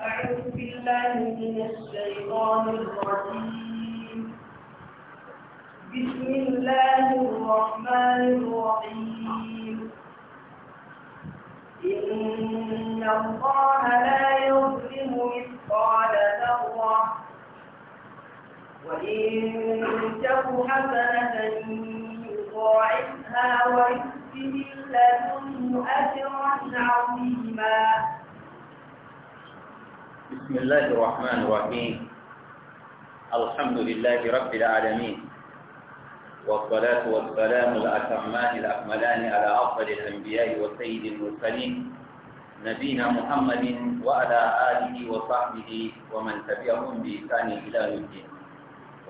أعوذ بالله من الشيطان الرجيم بسم الله الرحمن الرحيم إن الله لا يظلم مثقال ذرة وإن تك حسنة يضاعفها ويؤتي من لدنه أجرا عظيما بسم الله الرحمن الرحيم الحمد لله رب العالمين والصلاة والسلام الأتمان الأكملان على أفضل الأنبياء وسيد المرسلين نبينا محمد وعلى آله وصحبه ومن تبعهم بإحسان إلى يوم الدين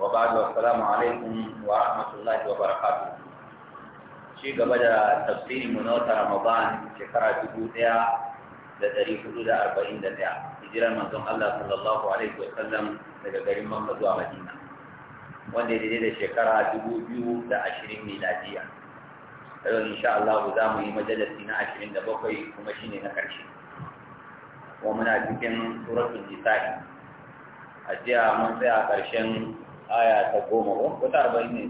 وبعد والسلام عليكم ورحمة الله وبركاته شيء قبل تفسير منوتة رمضان شكرا جبوتها 40 دقيقة hijirar manzon Allah sallallahu alaihi wa sallam daga garin Makka zuwa Madina wanda ya da shekara dubu biyu da ashirin miladiya yau insha Allah za mu yi majalisi na ashirin da bakwai kuma shine na ƙarshe kuma muna cikin suratul nisa'i a jiya mun tsaya ƙarshen aya ta goma ko ta arba'in ne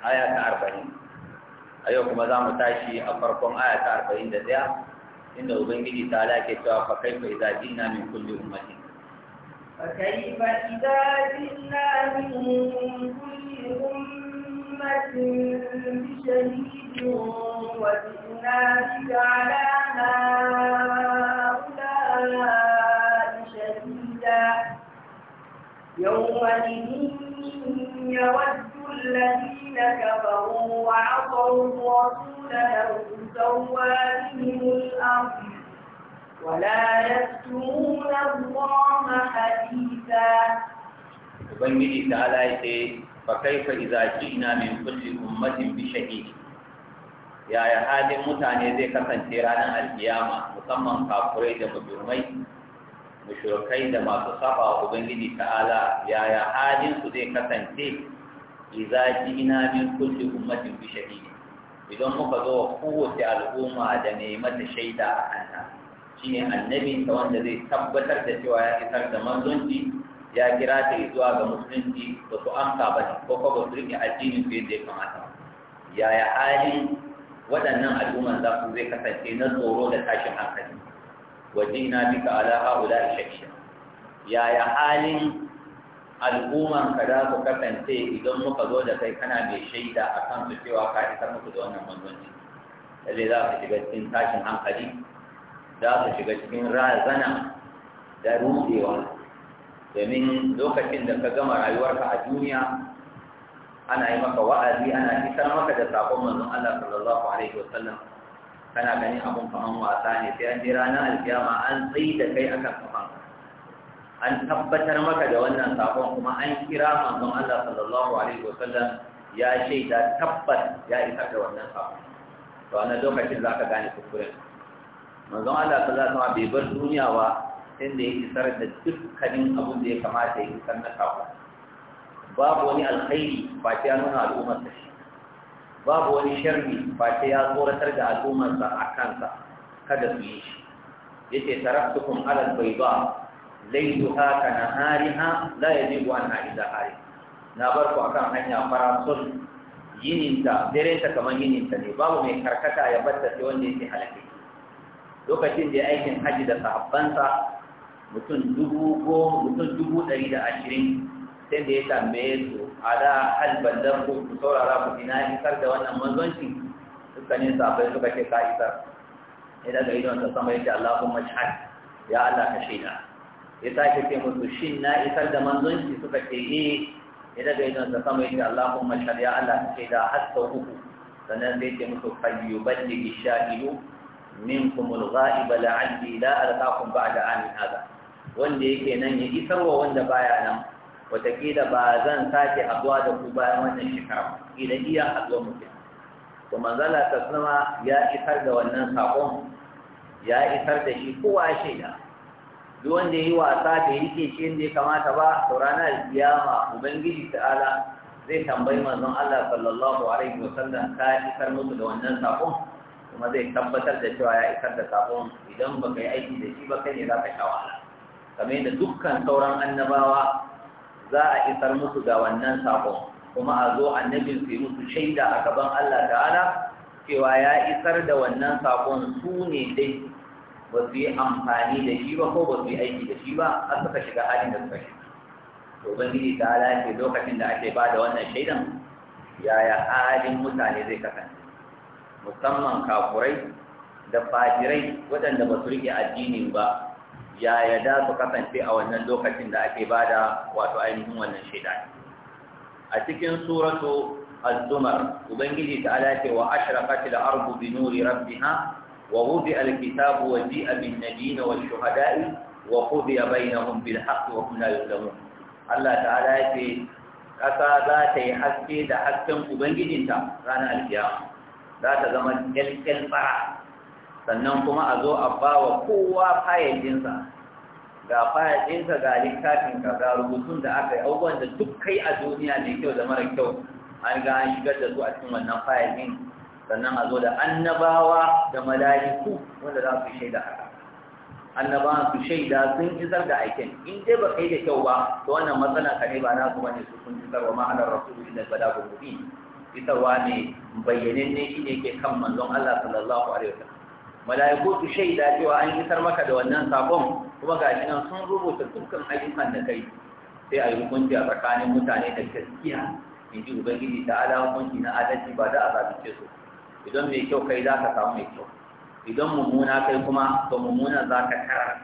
aya ta arba'in a yau kuma za mu tashi a farkon aya ta arba'in da ɗaya inda ubangiji ta lake cewa fa kai mai zaji na min kulli ummati يومئذ يود الذين كفروا وعصوا الرسول لو سوى بهم الأرض ولا يكتمون الله حديثا Ubangiji ta'ala ya ce, Fakaifa iza ji'na min kulli ummatin bi shahidi yaya halin mutane zai kasance ranar alkiyama musamman kafurai da mujurmai mushrikai da masu saba wa ubangiji ta'ala yaya halinsu zai kasance idza jina min kulli ummatin bi shahidi idan muka zo wa kowace al'umma da neman mata shaida a kanta shine annabi ta wanda zai tabbatar da cewa ya isar da manzonci ya kira ta zuwa ga musulunci ba su amsa ba ne ko kuma su rike addinin su yadda ya kamata yaya halin waɗannan al'umman za su zai kasance na tsoro da tashin hankali wajina bika ala haula shakka yaya halin al'umman ka da ku kasance idan muka zo da kai kana mai shaida a kan su cewa ka isar muku da wannan manzanci lalle za su shiga cikin tashin hankali za su shiga cikin razana da rudewa domin lokacin da ka gama rayuwarka a duniya ana yi maka wa'azi ana isar maka da sakon manzon Allah sallallahu alaihi Sallam. kana ganin abin kaman wasa ne sai an je ranar alkiyama an tsayi da kai akan kafa. an tabbatar maka da wannan sakon kuma an kira manzon Allah sallallahu alaihi wasallam ya ce shaida tabbat ya isa da wannan sakon to wannan lokacin za ka gane kuskuren manzon Allah sallallahu alaihi wasallam bai bar duniya ba inda ya isar da dukkanin abun da ya kamata ya yi na sakon babu wani alkhairi ba ta nuna al'ummar ta shi babu wani sharri ba sai ya tsoratar da al'ummarsa a kansa kada su yi shi yace taraktukum ala albayda laylaha ka nahariha la yajibu anha illa hari na bar ku akan hanya farasul yininta dare ta kamar yininta ne babu mai karkata ya batta sai wanda yake halake lokacin da aikin haji da sahabbansa mutum dubu ko mutum dubu ɗari da ashirin sai da ya tambaye su a da halban dan ku ku saurara ku ina isar da wannan manzoncin? dukkanin sabai suka ce ka isar ya daga idon sa sama yace Allahumma shahad ya Allah ka shaida ya sake ce musu shin na isar da manzonci suka ce eh ya daga idon sa sama yace Allahumma shahad ya Allah ka shaida har sau uku sannan zai ce musu falyuballighi shahidu minkum al-ghaib la'alli la alqakum ba'da amin hada wanda yake nan ya isar wa wanda baya nan wataƙila ba zan sake haɗuwa da ku bayan wannan shekara ƙila iya haɗuwa mutum to manzala ta zama ya isar da wannan saƙon ya isar da shi kowa shaida duk wanda ya yi wasa da ya rike shi inda ya kamata ba to ranar kiyama ubangiji ta'ala zai tambayi manzon Allah sallallahu alaihi wa sallam ka isar musu da wannan saƙon kuma zai tabbatar da cewa ya isar da saƙon idan baka yi aiki da shi ba kai ne za ka sha wahala kamar yadda dukkan sauran annabawa za a isar musu ga wannan sakon kuma a zo annabin su yi musu shaida a gaban Allah ta'ala cewa ya isar da wannan sakon su ne dai ba su yi amfani da shi ba ko ba su yi aiki da shi ba har suka shiga halin da suka shiga to ubangiji ta ala ce lokacin da ake ba da wannan shaidan yaya halin mutane zai kasance musamman kafurai da fajirai waɗanda ba su riƙe addinin ba yaya da su kasance a wannan lokacin da ake bada wato ainihin wannan shaida a cikin suratu az-zumar ubangiji ta alaƙe wa ashraqatil ardu bi nuri rabbiha wa wudi al-kitabu wa ji'a bin nabiyina wa shuhada'i wa qudiya bainahum bil haqqi wa hum la yuzlamun Allah ta'ala yake kasa za ta yi haske da hasken ubangijinta ranar alkiyama za ta zama kyalkyal fara sannan kuma a zo a ba wa kowa fayalinsa ga fayalinsa ga littafinka ga rubutun da aka yi abubuwan da duk kai a duniya mai kyau da mara kyau an ga an shigar da su a cikin wannan fayalin sannan a zo da annabawa da mala'iku wanda za su shaida haka annabawa su shaida sun isar da aikin in dai ba kai da kyau ba to wannan matsala ka ne ba na kuma ne su sun isar wa ma'anar rasulu inda ba gurbi isarwa ne bayyanin ne shi ne ke kan manzon Allah sallallahu alaihi wasallam mala'iku su shaida cewa an isar maka da wannan sakon kuma ga shi nan sun rubuta dukkan ayyukan da kai sai a yi hukunci a tsakanin mutane da gaskiya in ji ubangiji ta ala hukunci na adalci ba za a zaɓice su idan mai kyau kai za ka samu mai kyau idan mummuna kai kuma to mummuna za ka karar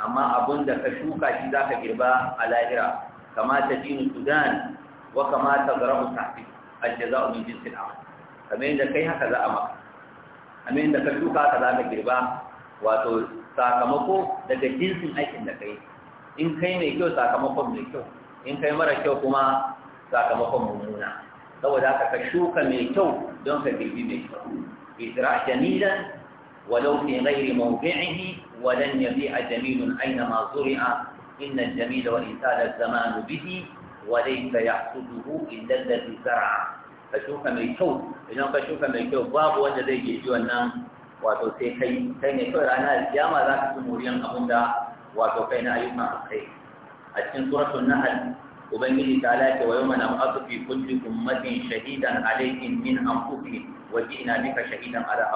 amma abin da ka shuka shi za ka girba a lahira kamata ta jinu sudan wa kama ta zarabu tafi a jaza'u min jinsin amal kamar yadda kai haka za a maka amin da ka duka ka zaka girba wato sakamako daga jinsin aikin da kai in kai mai kyau sakamakon mai kyau in kai mara kyau kuma sakamakon mummuna saboda haka ka shuka mai kyau don ka girbi mai kyau izra jamilan walau fi ghairi mawdi'ihi wa lan yabi'a jamilun aina ma zuri'a inna al-jamila wa insala az-zamanu bihi wa laysa yahsuduhu illa alladhi zar'a ka shuka mai kyau idan ka shuka mai kyau babu wanda zai ji wannan wato sai kai kai ne kawai ranar kiyama za ka ci muriyan abin da wato kai na ayyukan alkhairi a cikin suratul nahl ubangiji ta lafi wa yau mana asu fi kulli ummatin shahidan alaihim min anfusihim wa ji'na bika shahidan ala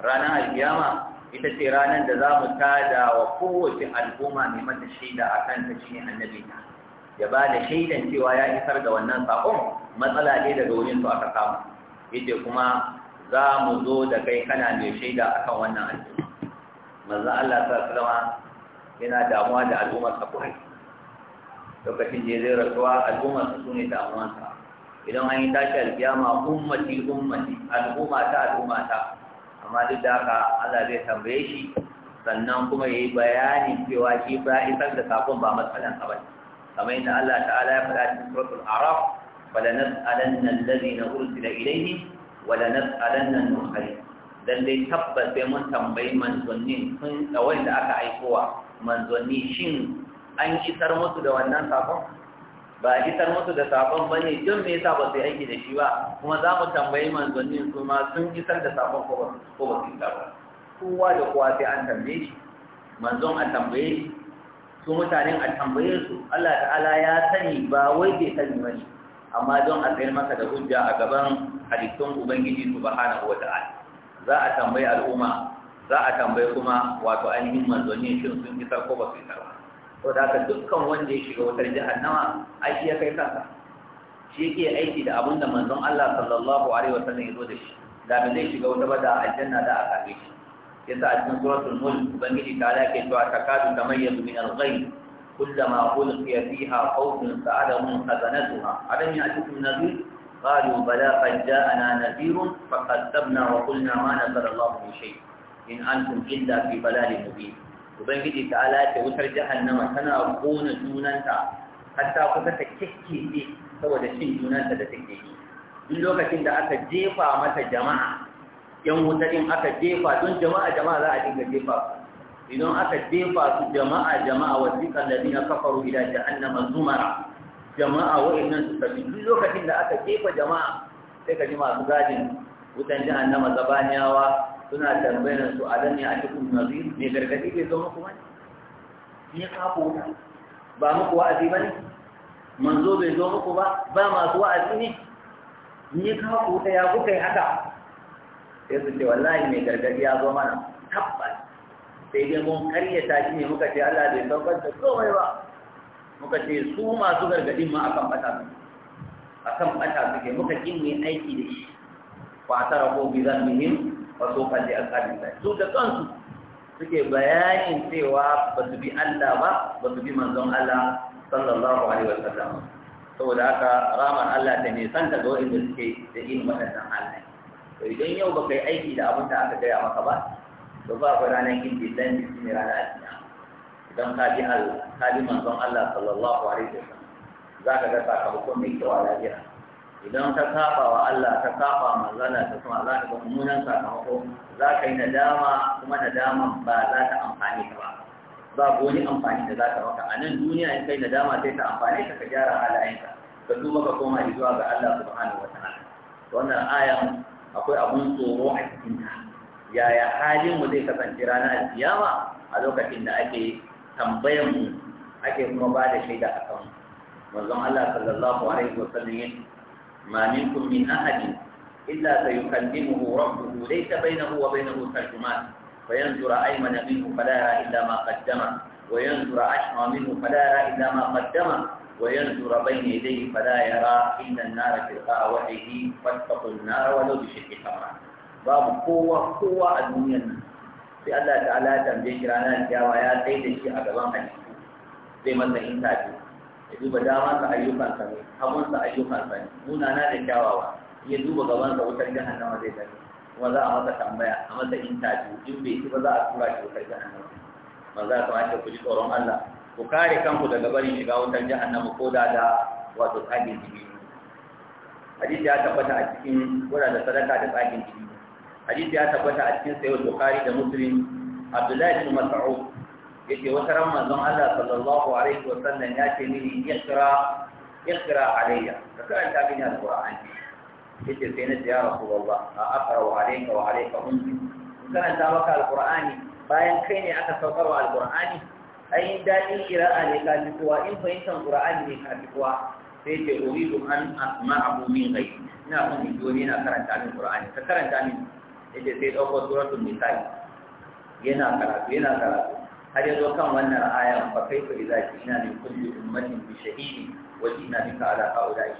ranar alkiyama ita ce ranar da za mu tada wa kowace al'umma mai mata shaida a ta shine annabi ta ya ba da shaidan cewa ya isar da wannan sakon matsala ne daga wurin su aka samu yace kuma za mu zo da kai kana mai shaida akan wannan al'umma manzo Allah sallallahu alaihi yana damuwa da al'ummar sa lokacin da zai rasuwa al'ummar sa sune damuwa sa idan an yi tashi alkiyama ummati ummati al'umma ta al'umma ta amma duk da haka Allah zai tambaye shi sannan kuma yayi bayani cewa shi ba isar da sakon ba matsalan abin kamar yadda Allah ta'ala ya faɗa cikin suratul araf wala nas'alanna alladhina ursila ilayhim wala nas'alanna al-mursalin dan dai tabbas sai mun tambayi manzannin sun tsawai da aka aikowa manzanni shin an isar musu da wannan sakon ba a isar musu da sakon ba ne don me yasa ba su aiki da shi ba kuma za mu tambayi manzannin su ma sun isar da sakon ko ba su isar ba kowa da kowa sai an tambaye shi manzon a tambaye shi su mutanen a tambaye su Allah ta'ala ya sani ba wai bai sani ba ne amma don a tsayar masa da hujja a gaban halittun ubangiji hana wata ala za a tambayi al'umma za a tambayi kuma wato ainihin manzanni shin sun isa ko ba su isar ba ko da haka dukkan wanda ya shiga wutar jahannama ai ya kai kansa shi yake aiki da abin da manzon Allah sallallahu alaihi wa sallam ya zo da shi da zai shiga wuta ba da aljanna da aka kai shi yadda a cikin suratul mulk ubangiji tare yake cewa ta kadu ta mayyar minar gai kullama ulkiya fiha fawtun sa'adamun hazanatuha adam ya ci sun nabi qalu bala qad ja'ana nadhirun faqaddabna wa qulna ma nazara Allah min in antum illa fi balalin mubin ubangiji ta'ala ta wutar jahannama tana kona junanta hatta kusa ta kikkiɗe saboda cin junanta da take yi duk lokacin da aka jefa mata jama'a yan wuta din aka jefa don jama'a jama'a za a dinga jefa idan aka jefa su jama'a jama'a wasiqan aka kafaru ila jahannama zumara jama'a innan su tafi duk lokacin da aka jefa jama'a sai ka ji masu gadin wutan jahannama zabaniyawa suna tambayar su a ne a cikin nazir ne gargadi bai zo muku bane ne ko wuta ba muku wa'azi bane manzo bai zo muku ba ba masu wa'azi ne ne ko wuta ya kuka yi haka sai su ce wallahi mai gargadi ya zo mana tabbas sai dai mun karyata shi ne muka ce Allah bai saukar da komai ba muka ce su masu gargadin ma akan bata su akan bata ke muka kin ne aiki da shi fa tara ko bi zannihim wa so kan da alqabi su da kansu suke bayanin cewa ba su bi Allah ba ba su bi manzon Allah sallallahu alaihi wasallam saboda haka raman Allah ta ne santa ga wanda suke da irin waɗannan halaye idan yau ba kai aiki da abin da aka gaya maka ba to ba ku ranar gindi dan biki ne ranar aljiya idan ka bi Allah ka bi manzon Allah sallallahu alaihi wasallam za ka ga sakamakon mai kyau a lafiya idan ka saba wa Allah ka saba manzana ta kuma za ka ga mummunan sakamako za ka yi nadama kuma nadama ba za ta amfani ka ba babu wani amfani da za ka maka a nan duniya in kai nadama sai ta amfani ka ka gyara halayenka ka duba ka koma zuwa ga Allah subhanahu ta'ala wannan ayan akwai abun tsoro a cikin ta yaya halin mu zai kasance ranar alkiyama a lokacin da ake tambayan mu ake kuma ba da shaida a kan manzon Allah sallallahu alaihi wa wasallam ya ma minkum min ahadin illa sayukallimuhu rabbuhu laysa bainahu wa bainahu tarjuman فينظر أيمن منه فلا يرى إلا ما قدم وينظر أشمى منه فلا yara illa ma قدم وينظر بين يديه فلا يرى إلا النار تلقاء وحيه فاتقوا النار ولو بشق تمرة باب قوة قوة الدنيا sai Allah ta'ala ya tambaye shi ranar kiyama ya sai da shi a gaban halittu zai masa intaji ya duba damansa ayyukansa ne hagunsa ayyukansa ne munana da kyawawa ya duba gabansa wutar jahannama zai gani kuma za a masa tambaya a masa intaji in bai ci za a tura shi wutar jahannama ba za ka ku ji tsoron Allah ku kare kanku daga barin shiga wutar jahannama ko da da wato tsagin jini hadisi ya tabbata a cikin wuraren sadaka da tsagin jini hadisi ya tabbata a cikin sayyid bukhari da muslim abdullahi bin mas'ud ce wata ran manzon Allah sallallahu alaihi wa sallam ya ce mini iqra iqra alayya ka karanta mini alqur'ani ce sai na ce ya rasulullah a wa alayka wa alayka ummi karanta maka alqur'ani bayan kai ne aka saukar wa alqur'ani ai daɗin ƙira'a ne kafi kowa in fahimtar ƙura'a ne kafi kowa sai ce uridu an asma abu min gai ina son in wani yana karanta min ƙura'ani ka karanta min ya ce sai ɗaukar suratun misali yana karatu yana karatu har yanzu kan wannan aya fa kaifa ina ji'na min kulli ummatin bi shahidi wa bi ka ala haula'i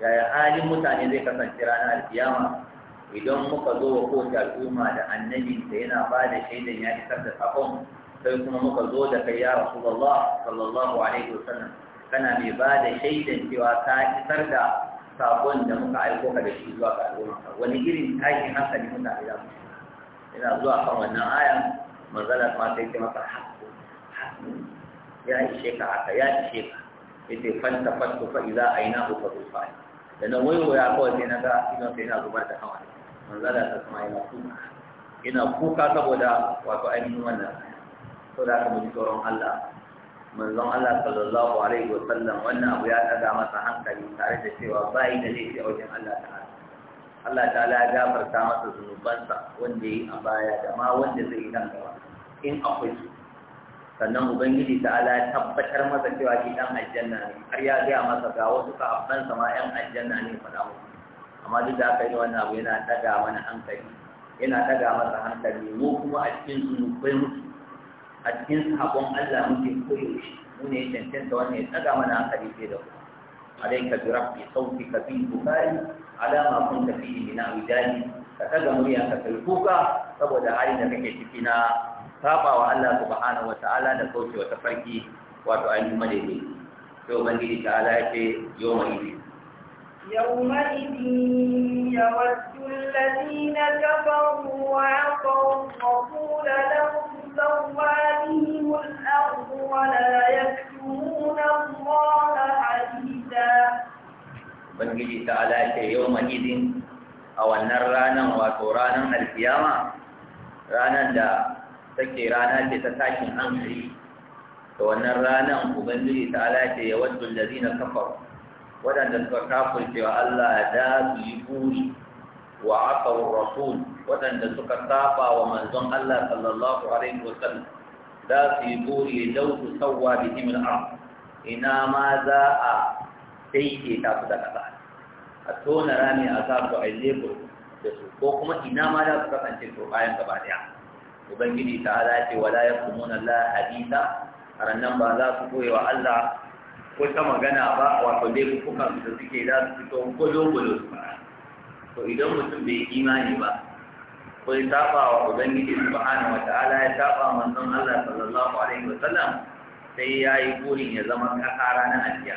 ya yaya halin mutane zai kasance ranar alkiyama idan muka zo wa kowace al'umma da annabinta yana ba da shaidan ya isar da sakon فيمكن أن نقل زوجك يا رسول الله صلى الله عليه وسلم فأنا مبادة شيدا سوى كاي سردا سابون دمك على الكوكا بشي زواك على الكوكا ونجير انتهاج حقا لمتع إلى إلى زواك وأن آية ما زالت ما تيت ما تحق يا الشيخ عكا يا الشيخ إذا فنت فنت فإذا أيناه فتوفاه لأنه ويو يا أخوة تنكا إنه تنكا زبارة حوالي ما زالت أسماء الله سبحانه إنه فوكا تبدا وأتو أمين ونرحمه to da kuma tsoron Allah manzon Allah sallallahu alaihi wa sallam wannan abu ya daga masa hankali tare da cewa bai da laifi a wajen Allah ta'ala Allah ta'ala ya gafarta masa zunubansa wanda yi a baya da ma wanda zai yi nan gaba in akwai su sannan ubangiji ta'ala ya tabbatar masa cewa shi dan aljanna ne har ya gaya masa ga wasu sahabbansa ma yan aljanna ne faɗa mu amma duk da aka yi wannan abu yana daga mana hankali yana daga masa hankali mu kuma a cikin zunubai mutu a cikin sahabon Allah muke koyo shi mu ne cancanta wannan ya tsaga mana hankali sai da ku alaika bi rabbi sautika fi bukari ala ma kunta fihi min awjani ka tsaga murya ka kai kuka saboda halin da kake ciki na sabawa Allah subhanahu ta'ala da kauce wa tafarki wato ainihin madaidai sai ubangiji ta ala ya ce yau mai ne يومئذ يود الذين كفروا وعصوا الرسول لهم تستوى بهم الأرض ولا يكتمون الله حديثا Ubangiji ta'ala ce yau mahidin a wannan ranar wato ranar alfiyama, ranar da take rana ce ta tashin hankali da wannan ranar Ubangiji ta'ala ce ya wadda lalazina kafar waɗanda suka kafurce wa Allah da su yi buri wa aka rasul waɗanda suka saba wa manzon Allah sallallahu alaihi wasallam za su yi buri lauku sauwa da himil arm ina ma za a daidaita su da ƙasa a tona rami a sa su a lebur da su ko kuma ina ma za su kasance su bayan gaba ɗaya ubangiji ta ala ce wala ya kumuna la hadisa a rannan ba za su koya wa Allah ko ta magana ba wato laifukan da suke za su fito ko dogolo su to idan mutum bai imani ba ko ya saba wa ubangiji subhanahu wataala ya saba manzon Allah sallallahu alaihi sallam sai ya yi burin ya zama kakara ranar ajiya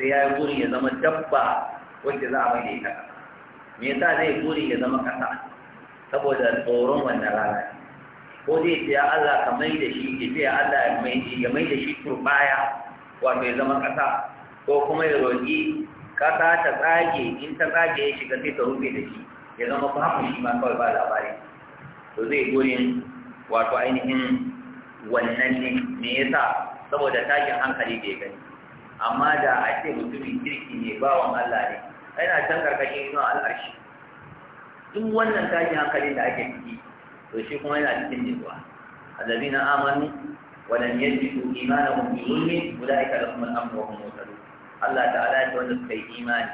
sai ya yi burin ya zama dabba wacce za a mai da ita me yasa zai burin ya zama kasa saboda tsoron wannan rana ko zai ce ya Allah ka mai da shi ya ce ya Allah ya mai da shi turbaya wato ya zama kasa ko kuma ya roƙi kasa ta tsage in ta tsage ya shiga sai ta rufe da shi ya zama babu shi ma kawai ba labari to zai gurin wato ainihin wannan ne me yasa saboda takin hankali da ya gani amma da a ce mutumin kirki ne bawan Allah ne yana can karkashin inuwa al'arshi duk wannan takin hankali da ake ciki to shi kuma yana cikin nutsuwa allazina amanu wa lam yalbisu imanahum bi zulmin ulaika lahum al-amn wa hum muhtadun Allah ta'ala ya ce wanda suka yi imani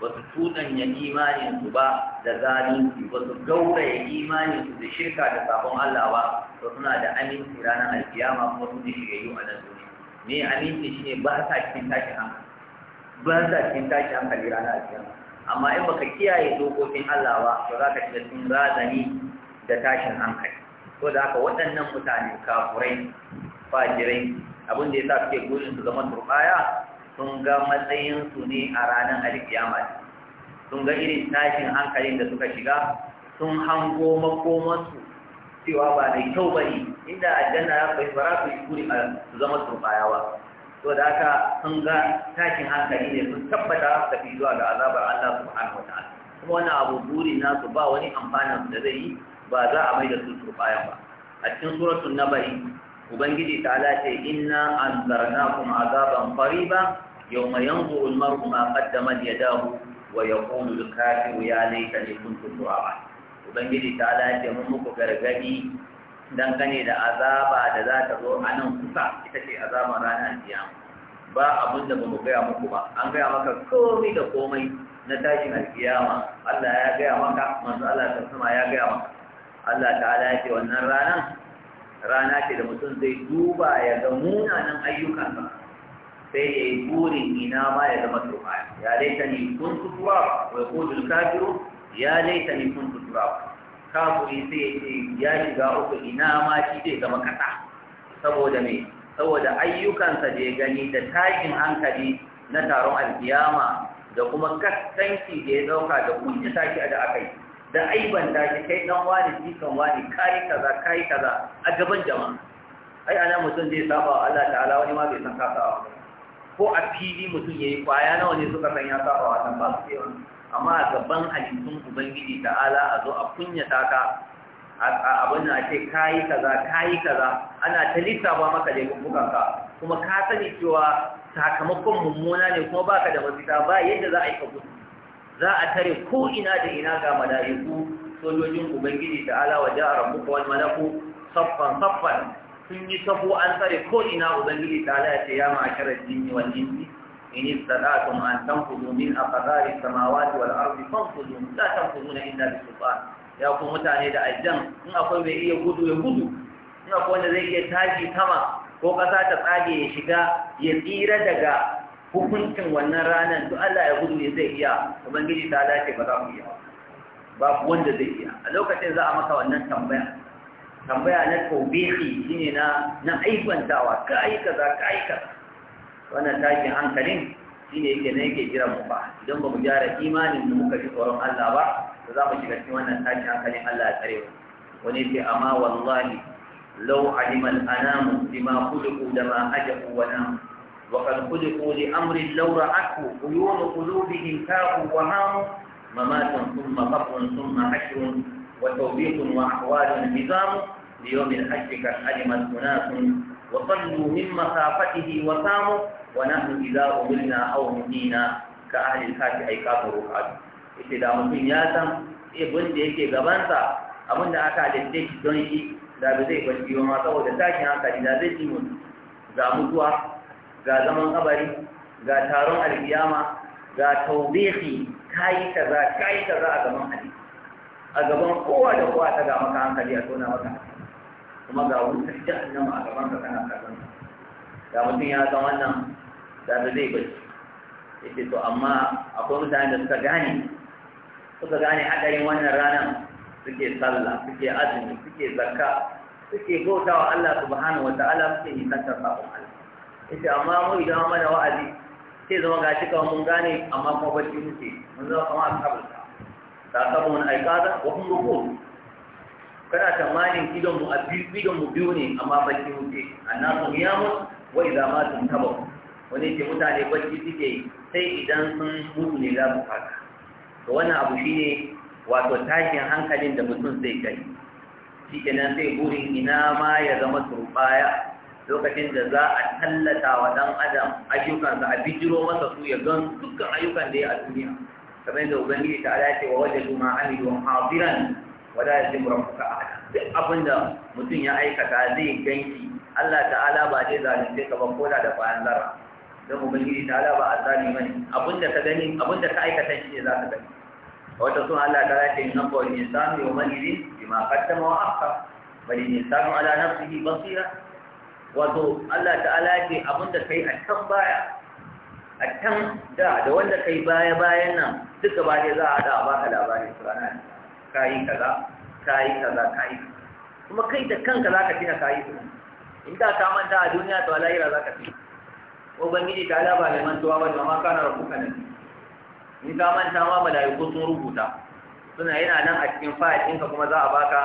wasu su ya imanin su ba da zalunci ba su gauraya imaninsu su da shirka da sabon Allah ba to suna da aminci ranar alkiyama kuma su ne shigayyu a nan duniya me aminci shine ba sa cikin tashi hankali ba sa cikin tashi hankali ranar alkiyama amma in baka kiyaye dokokin Allah ba to za ka shiga cikin razani da tashin hankali ko da haka waɗannan mutane kafurai fajirai abin da ya sa suke gurin su zama turbaya sun ga matsayinsu ne a ranar alkiyama sun ga irin tashin hankalin da suka shiga sun hango makomansu cewa ba da kyau ba ne inda aljanna ya kai fara su yi kuri a zama turbayawa ba to da haka sun ga tashin hankali ne sun tabbata su fi zuwa ga azabar Allah su wa wata kuma wani abu burin nasu ba wani amfanin da zai yi ba za a mai da su turbayan ba a cikin suratun nabari ubangiji ta ce inna kuma azaban qariba yawma yanzuru al-mar'u ma qaddamat dahu wa yaqulu al-kafiru ya laitani kuntu turaba ubangiji ta ce mun muku gargadi dangane da azaba da za ta zo a nan kusa ita ce azaban ranar kiyama ba abin da ba mu gaya muku ba an gaya maka komai da komai na tashin alkiyama Allah ya gaya maka manzo Allah ta sama ya gaya maka Allah ta'ala ya ce wannan ranar rana ce da mutum zai duba ya ga munanan ayyukansa sai ya yi burin ina ma ya zama turba ya laita ni kun tutuwa wai ko kafiru ya laita ni kun tutuwa kafuri sai ya ce ya shiga uku ina ma shi zai zama kasa saboda me saboda ayyukansa da ya gani da tashin hankali na taron alkiyama da kuma kaskanci da ya dauka da kunyata shi da aka yi da da shi kai dan wani jikan wani kai kaza kai kaza a gaban jama'a ai ana mutum zai saba Allah ta'ala wani ma bai san ka saba ko a fili mutum yayi kwaya nawa ne suka san ya saba wa san ba su amma a gaban halittun ubangiji ta'ala a zo a kunyata ka a abin da ake kayi kaza kayi kaza ana ta lissafa maka da ka. kuma ka sani cewa sakamakon mummuna ne kuma baka da mafita ba yadda za a yi ka gudu za a tare ko ina da ina ga mala'iku sojojin ubangiji da ala wa ja'a rabbuka wal malaku saffan saffan sun yi safo an tare ko ina ubangiji da ala ya ce ya ma'asharar jinni wal insi in istata'tum an tanfudu min aqdari samawati wal ardi fanfudu la tanfuduna illa bi sultan ya ku mutane da ajiyan, in akwai mai iya gudu ya gudu in akwai wanda zai iya tashi sama ko kasa ta tsage ya shiga ya tsira daga hukuncin wannan ranar duk Allah ya gudu ne zai iya ubangiji ta dace ba za mu iya ba. babu wanda zai iya a lokacin za a maka wannan tambaya tambaya na taubihi shine na na aibantawa ka yi kaza ka yi kaza wannan tashin hankalin shine yake ne yake jira mu ba idan ba mu gyara imanin mu muka ji tsoron Allah ba to za mu shiga cikin wannan tashin hankalin Allah ya tsare mu wani ce amma wallahi law alima al-anamu bima khuliqu da ma ajabu wa namu وقد خلقوا لأمر لو رأته عيون قلوبهم كافوا وهاموا ممات ثم قبر ثم حشر وتوبيخ وأحوال هزام ليوم الحج قد علمت أناس وصلوا من مخافته وساموا ونحن إذا أمرنا أو نهينا كأهل الكافي أي كافر وقعد إذا mutum ya san ibin da yake gabansa abin da aka halitta shi don shi da ba zai bacci ba ma saboda tashin hankali da zai ji mun ga mutuwa ga zaman kabari ga taron alkiyama ga taubihi za kai ta za a gaban hali a gaban kowa da kowa ta ga maka hankali a tona maka kuma ga wutar jahannama a gaban ka kana kallon ga mutum ya san wannan da ba zai bari yace to amma akwai mutane da suka gane suka gane hadarin wannan ranar suke sallah suke azumi suke zakka suke bautawa Allah subhanahu wataala suke nisantar sabon Allah yace amma mu idan amma mana wa'azi sai zama shi kawai mun gane amma kuma bacci muke mun zama a ashabul ta sabon aikata wa kuma ko kana tamanin idan mu a idon mu biyu ne amma bacci muke annasu yamun wa idan ma tuntabu wani ce mutane bacci suke sai idan sun mutu ne za mu faka to wannan abu shine wato tashin hankalin da mutum zai kai shi kenan sai burin ina ma ya zama turbaya lokacin da za a tallata wa ɗan adam ayyukansa a bijiro masa su ya gan dukkan ayyukan da ya a duniya kamar da ubangiji ta ala ce wa wajen kuma amilu hadiran wala ya zimra kuka ahada duk abin da mutum ya aikata zai ganki Allah ta'ala ba zai zalunce ka ba ko da da bayan zarra don ubangiji ta'ala ba a zalimi bane abin da ka gani abin da ka aikata shi ne za ka gani A wata sun Allah ta ce in abuwa insani wa manilin bima qaddama wa akhar bal insanu ala nafsihi basira wato Allah ta'ala ce abinda yi a can baya a can da da wanda ka yi baya bayan nan duk ba ne za a da ba ka labari su ka yi kaza yi kaza yi kuma kai da kanka za ka tina yi su in da ka manta a duniya to lahira za ka tina ubangiji ta ala ba mai mantuwa ba ma kana rubuta ne in ka manta ma mala'iku sun rubuta suna yana nan a cikin fayil ɗinka kuma za a baka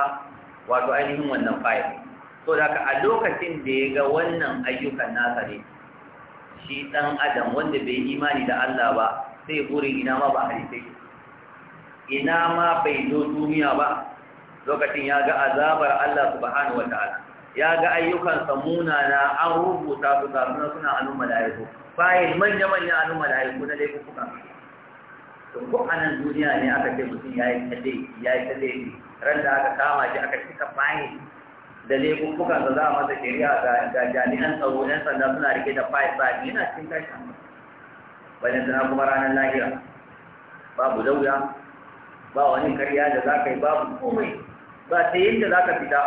wato ainihin wannan fayil to da ka a lokacin da ya ga wannan ayyukan nasa ne shi ɗan adam wanda bai imani da Allah ba sai burin ina ma ba halitta ina ma bai zo duniya ba lokacin ya ga azabar Allah subhanahu wataala ya ga ayyukan samuna na an rubuta su ga suna suna anun malaiku Fayil manya manya anun malaiku na dai kuka to ko anan duniya ne aka ce mutum yayi yi yayi kadai ran da aka kama shi aka cika bayan da laifuka da za a masa shari'a ga jami'an tsaro yan sanda suna rike da fayil ba yana cikin tashin bayan suna kuma ranar lahira babu lauya ba wani karya da za ka yi babu komai ba ta yadda za ka fita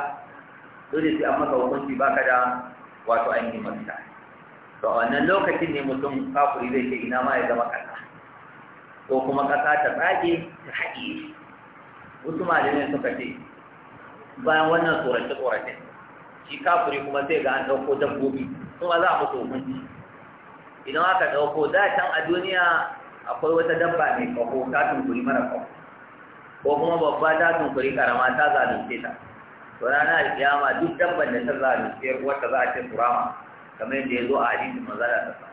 dole sai an masa hukunci ba ka da wato ainihin mafita to a wannan lokacin ne mutum kafuri zai ce ina ma ya zama ƙasa ko kuma ƙasa ta tsage ta haɗe wasu malamai suka ce bayan wannan tsorace tsorace shi kafuri kuma sai ga an ɗauko dabbobi kuma za a mutu hukunci idan aka ɗauko da can a duniya akwai wata dabba mai kaho ta tunkuri mara kaho ko kuma babba ta tunkuri karama ta zalunce ta to rana alkiyama duk dabban da ta zalunce wata za a ce turama kamar yadda ya zo a hadisi manzala ta sa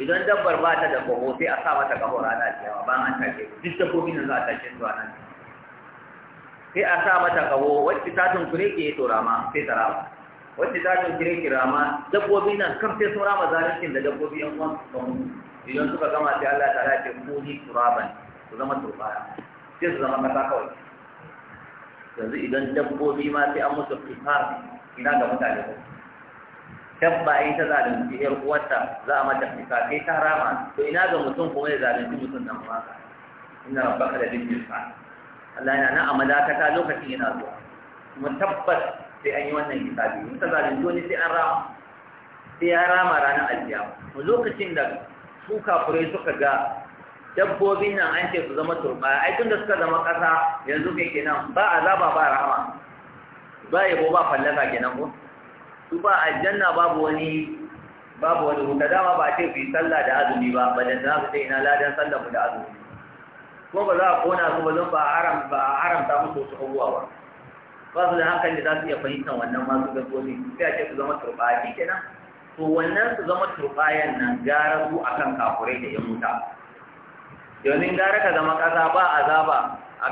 idan dabbar ba ta da kaho sai a sa mata kaho rana alkiyama bayan an tashe duk dabbobi nan za a tashe su ranar sai a sa mata kawo wacce ta tunkure ke yi taurama sai ta rama wacce ta tunkure ke rama dabbobi nan kan sai sun rama zalincin da dabbobi yan uwan su kan idan suka gama sai Allah ta ce kuni turaban su zama turbaya sai su zama mata kawai yanzu idan dabbobi ma sai an musu kifar ina ga mutane ko tabba in ta zalunci yar uwarta za a mata fita kai ta rama to ina ga mutum kuma ya zalunci mutum nan ma ina rabbaka da bil mirsad Allah yana nan a madakata lokacin yana zuwa kuma tabbas sai an yi wannan hisabi in ka zalin wani sai an rama sai ya rama ranar Kuma lokacin da su kafurai suka ga dabbobin nan an ce su zama turba, ai tun da suka zama ƙasa yanzu kai kenan ba azaba ba rahama ba yabo ba fallasa kenan ko su ba aljanna babu wani babu wani hukada ma ba ce fi sallah da azumi ba ba da za su ce ina ladan sallah da azumi ko ba za a kona su ba zan ba haram haramta musu wasu abubuwa ba ba su da hankali da za su iya fahimtar wannan masu gaggoni sai a ce su zama turɓaya kenan to wannan su zama turba nan gara su akan kafurai da yan wuta domin gara ka zama kaza ba azaba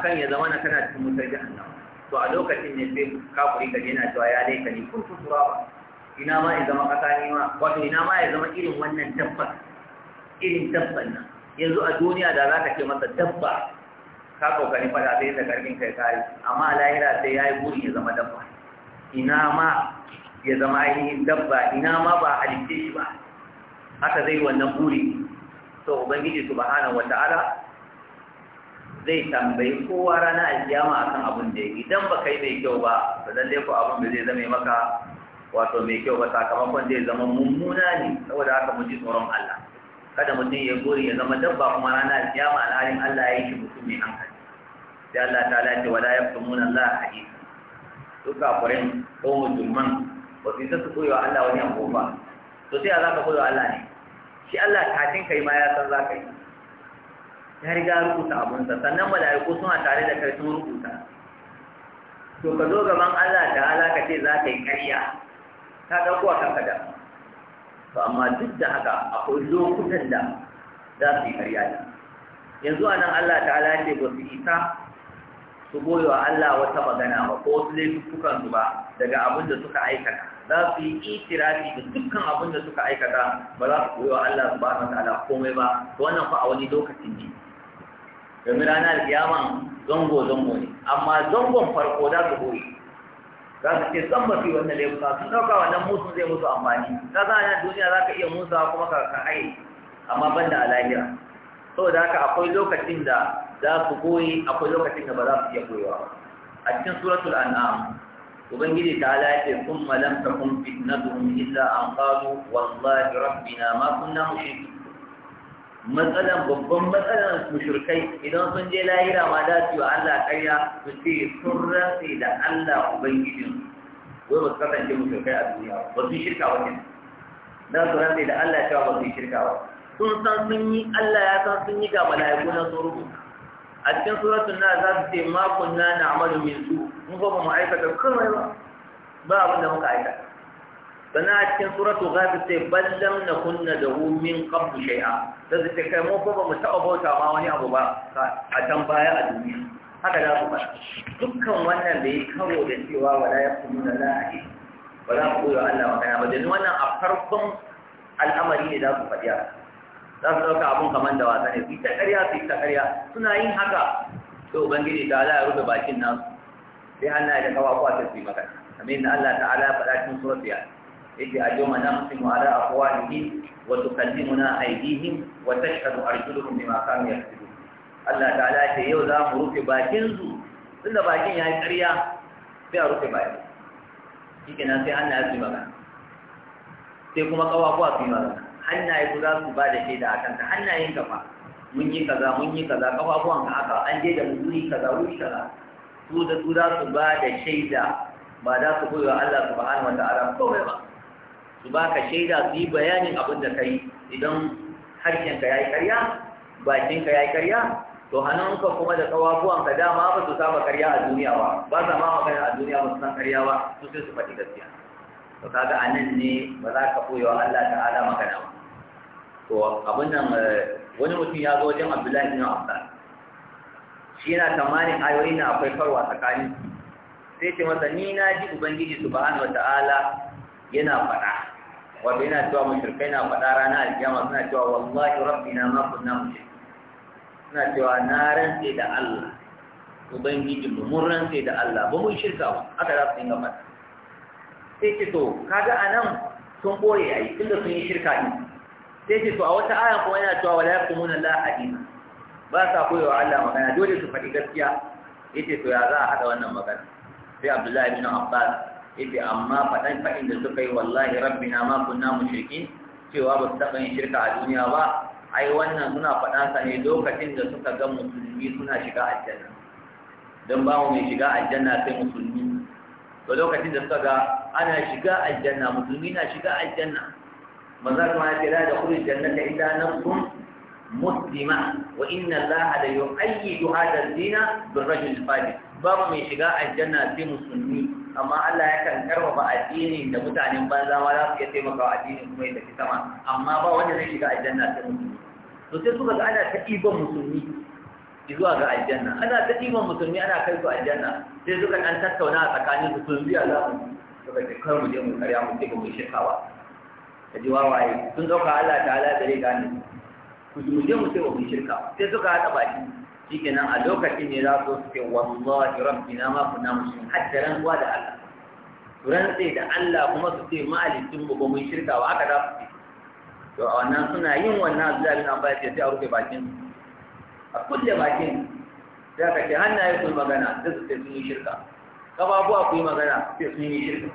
kan ya zama na kana cikin wutar jahannama to a lokacin ne sai kafurai ka yana cewa ya dai ka ne kun ba ina ma ya zama kasa ne ma wato ina ma ya zama irin wannan tabbas irin tabbas nan yanzu a duniya da za ka ce masa dabba ka kokari fada sai da karfin kai kare amma lahira sai ya yi buri ya zama dabba ina ma ya zama ainihin dabba ina ma ba halitta shi ba haka zai wannan buri to ubangiji subhanahu ala zai tambayi kowa rana a akan abin da idan ba kai mai kyau ba ba zan ko abin da zai zame maka wato mai kyau ba sakamakon zai zama mummuna ne saboda haka mu ji tsoron Allah kada mutum ya gori ya zama dabba kuma rana kiyama alhalin Allah ya yi shi mutum mai hankali sai Allah ta lati wala yaftumuna Allah hadisa su kafirin ko musulman ba su su koyo Allah wani abu ba to sai za ka koyo Allah ne shi Allah ta kafin kai ma ya san za ka yi ya riga rubuta sa, sannan mala'iku suna tare da kai sun rubuta to ka zo gaban Allah ta'ala ka ce za ka yi ƙarya ka ɗauko a kanka da to amma duk da haka akwai lokutan da za su yi karya ne yanzu a nan Allah ala ce ba su isa su goyi wa Allah wata magana ba ko wasu laifukan su ba daga abin da suka aikata za su yi itirafi da dukkan abin da suka aikata ba za su goyi wa Allah subhanahu ala komai ba to wannan fa a wani lokacin ne domin ranar kiyaman zango zango ne amma zangon farko za su goyi za su ce san mafi wannan laifuka sun ɗauka wannan musu zai musu amfani ka za a duniya za ka iya musa kuma ka ka haye amma ban da alahira saboda haka akwai lokacin da za su koyi akwai lokacin da ba za su iya goyiwa a cikin suratul an'am ubangiji ta alaƙe kun malam ta kun fitnatuhum illa an qalu wallahi rabbina ma kunna mushrikin matsalan babban matsalan mushrikai idan sun je lahira ma da su Allah kariya su ce sun rasa da Allah ubangijin wai ba su kasance mushrikai a duniya ba su shirka ba ne da su rasa da Allah cewa ba su shirka ba sun san sun yi Allah ya san sun yi ga mala'iku na sun rubuta a cikin suratul nas za su ce ma kunna amalu min su mun ba mu aikata kuma ba ba abin da muka aikata sannan a cikin suratu ghafir sai ballam na kunna da hu min qablu shay'a sai su kai mu ko ba mu taɓa bauta ma wani abu ba a can baya a duniya haka za su faɗa dukkan wannan da ya karo da cewa wala ya kuma da lahi ba za ku koyo Allah magana ba domin wannan a farkon al'amari ne za ku faɗi a za su ɗauka abun kamar da wasa ne su yi ta ƙarya su yi ta ƙarya suna yin haka to ubangiji ta ala ya rufe bakin nasu sai Allah ya da kawo kwa ta su yi magana kamar yadda Allah ta'ala ya faɗa cikin suratul yasin إذ اليوم نختم على أقوالهم وتكلمنا أيديهم وتشهد أرجلهم بما كانوا يكسبون Allah ta'ala ce yau za mu rufe bakin su bakin ya yi ƙarya sai a rufe bakin shi kenan sai hannaye su yi magana sai kuma ƙawafuwa su magana hannaye ku a mun yi kaza mun yi kaza ƙafafuwan ka haka da mu wuri kaza wuri kaza za su ba da shaida ba za su ba su ka shaida su yi bayanin abin da kai idan harshenka ya yi karya bakinka ya yi karya to hannunka kuma da tsawabuwanka dama ba su saba karya a duniya ba ba za ma magana a duniya ba su san karya ba su sai su faɗi gaskiya to kaga a nan ne ba za ka koya wa Allah ta'ala magana ba to abin nan eh, wani mutum ya zo wajen Abdullahi bin Abbas shi yana tamanin ayoyi na akwai farwa tsakani sai ce masa ni na ji ubangiji subhanahu ta'ala yana faɗa wato yana cewa mushrikai na faɗa rana alkiyama suna cewa wallahi na makon na mushrikin suna cewa na rantse da Allah ubangijin mu mun rantse da Allah ba mun shirka ba haka za su dinga faɗa sai ce to kaga nan sun ɓoye boye ai tunda sun yi shirka ne sai ce to a wata aya kuma yana cewa wala yaqumuna la hadina ba sa koyo Allah magana dole su faɗi gaskiya ce to ya za a haɗa wannan magana sai Abdullahi ibn Abbas yace amma faɗan faɗin da suka yi wallahi rabbina ma kunna mushrikin cewa ba su taɓa yin shirka a duniya ba ai wannan suna faɗa sa ne lokacin da suka ga musulmi suna shiga aljanna don ba mu mai shiga aljanna sai musulmi to lokacin da suka ga ana shiga aljanna musulmi na shiga aljanna maza kuma ya ce da kuri jannata illa nafsun muslima wa inna allaha la yu'ayyidu hadha ad-dina bir-rajul fadil babu mai shiga aljanna sai musulmi amma Allah ya kan karfafa addini da mutanen banza ma za su iya taimaka wa addini kuma ya tafi sama amma ba wanda zai shiga aljanna sai musulmi to sai suka ga ana ta ɗiban musulmi zuwa ga aljanna ana ta ɗiban musulmi ana kai su aljanna sai suka ɗan tattauna a tsakanin su sun biya za su suka ce kar mu je mu karya mu ce ba mu shirka ba ka ji wawaye sun ɗauka Allah ta da rai gane ku mu je mu ce ba mu shirka sai suka haɗa baki shikenan a lokacin ne za su ce wallahi rabbina ma kunna mushrikin hatta ran wa da Allah rantse da Allah kuma su ce ma'alicin mu ba mun shirka wa haka za su ce to a wannan suna yin wannan Abdullahi bin Abbas ya ce a rufe bakin a kulle bakin sai aka ce hannaye ku magana sai su ce sun yi shirka kafafuwa ku yi magana sai sun yi shirka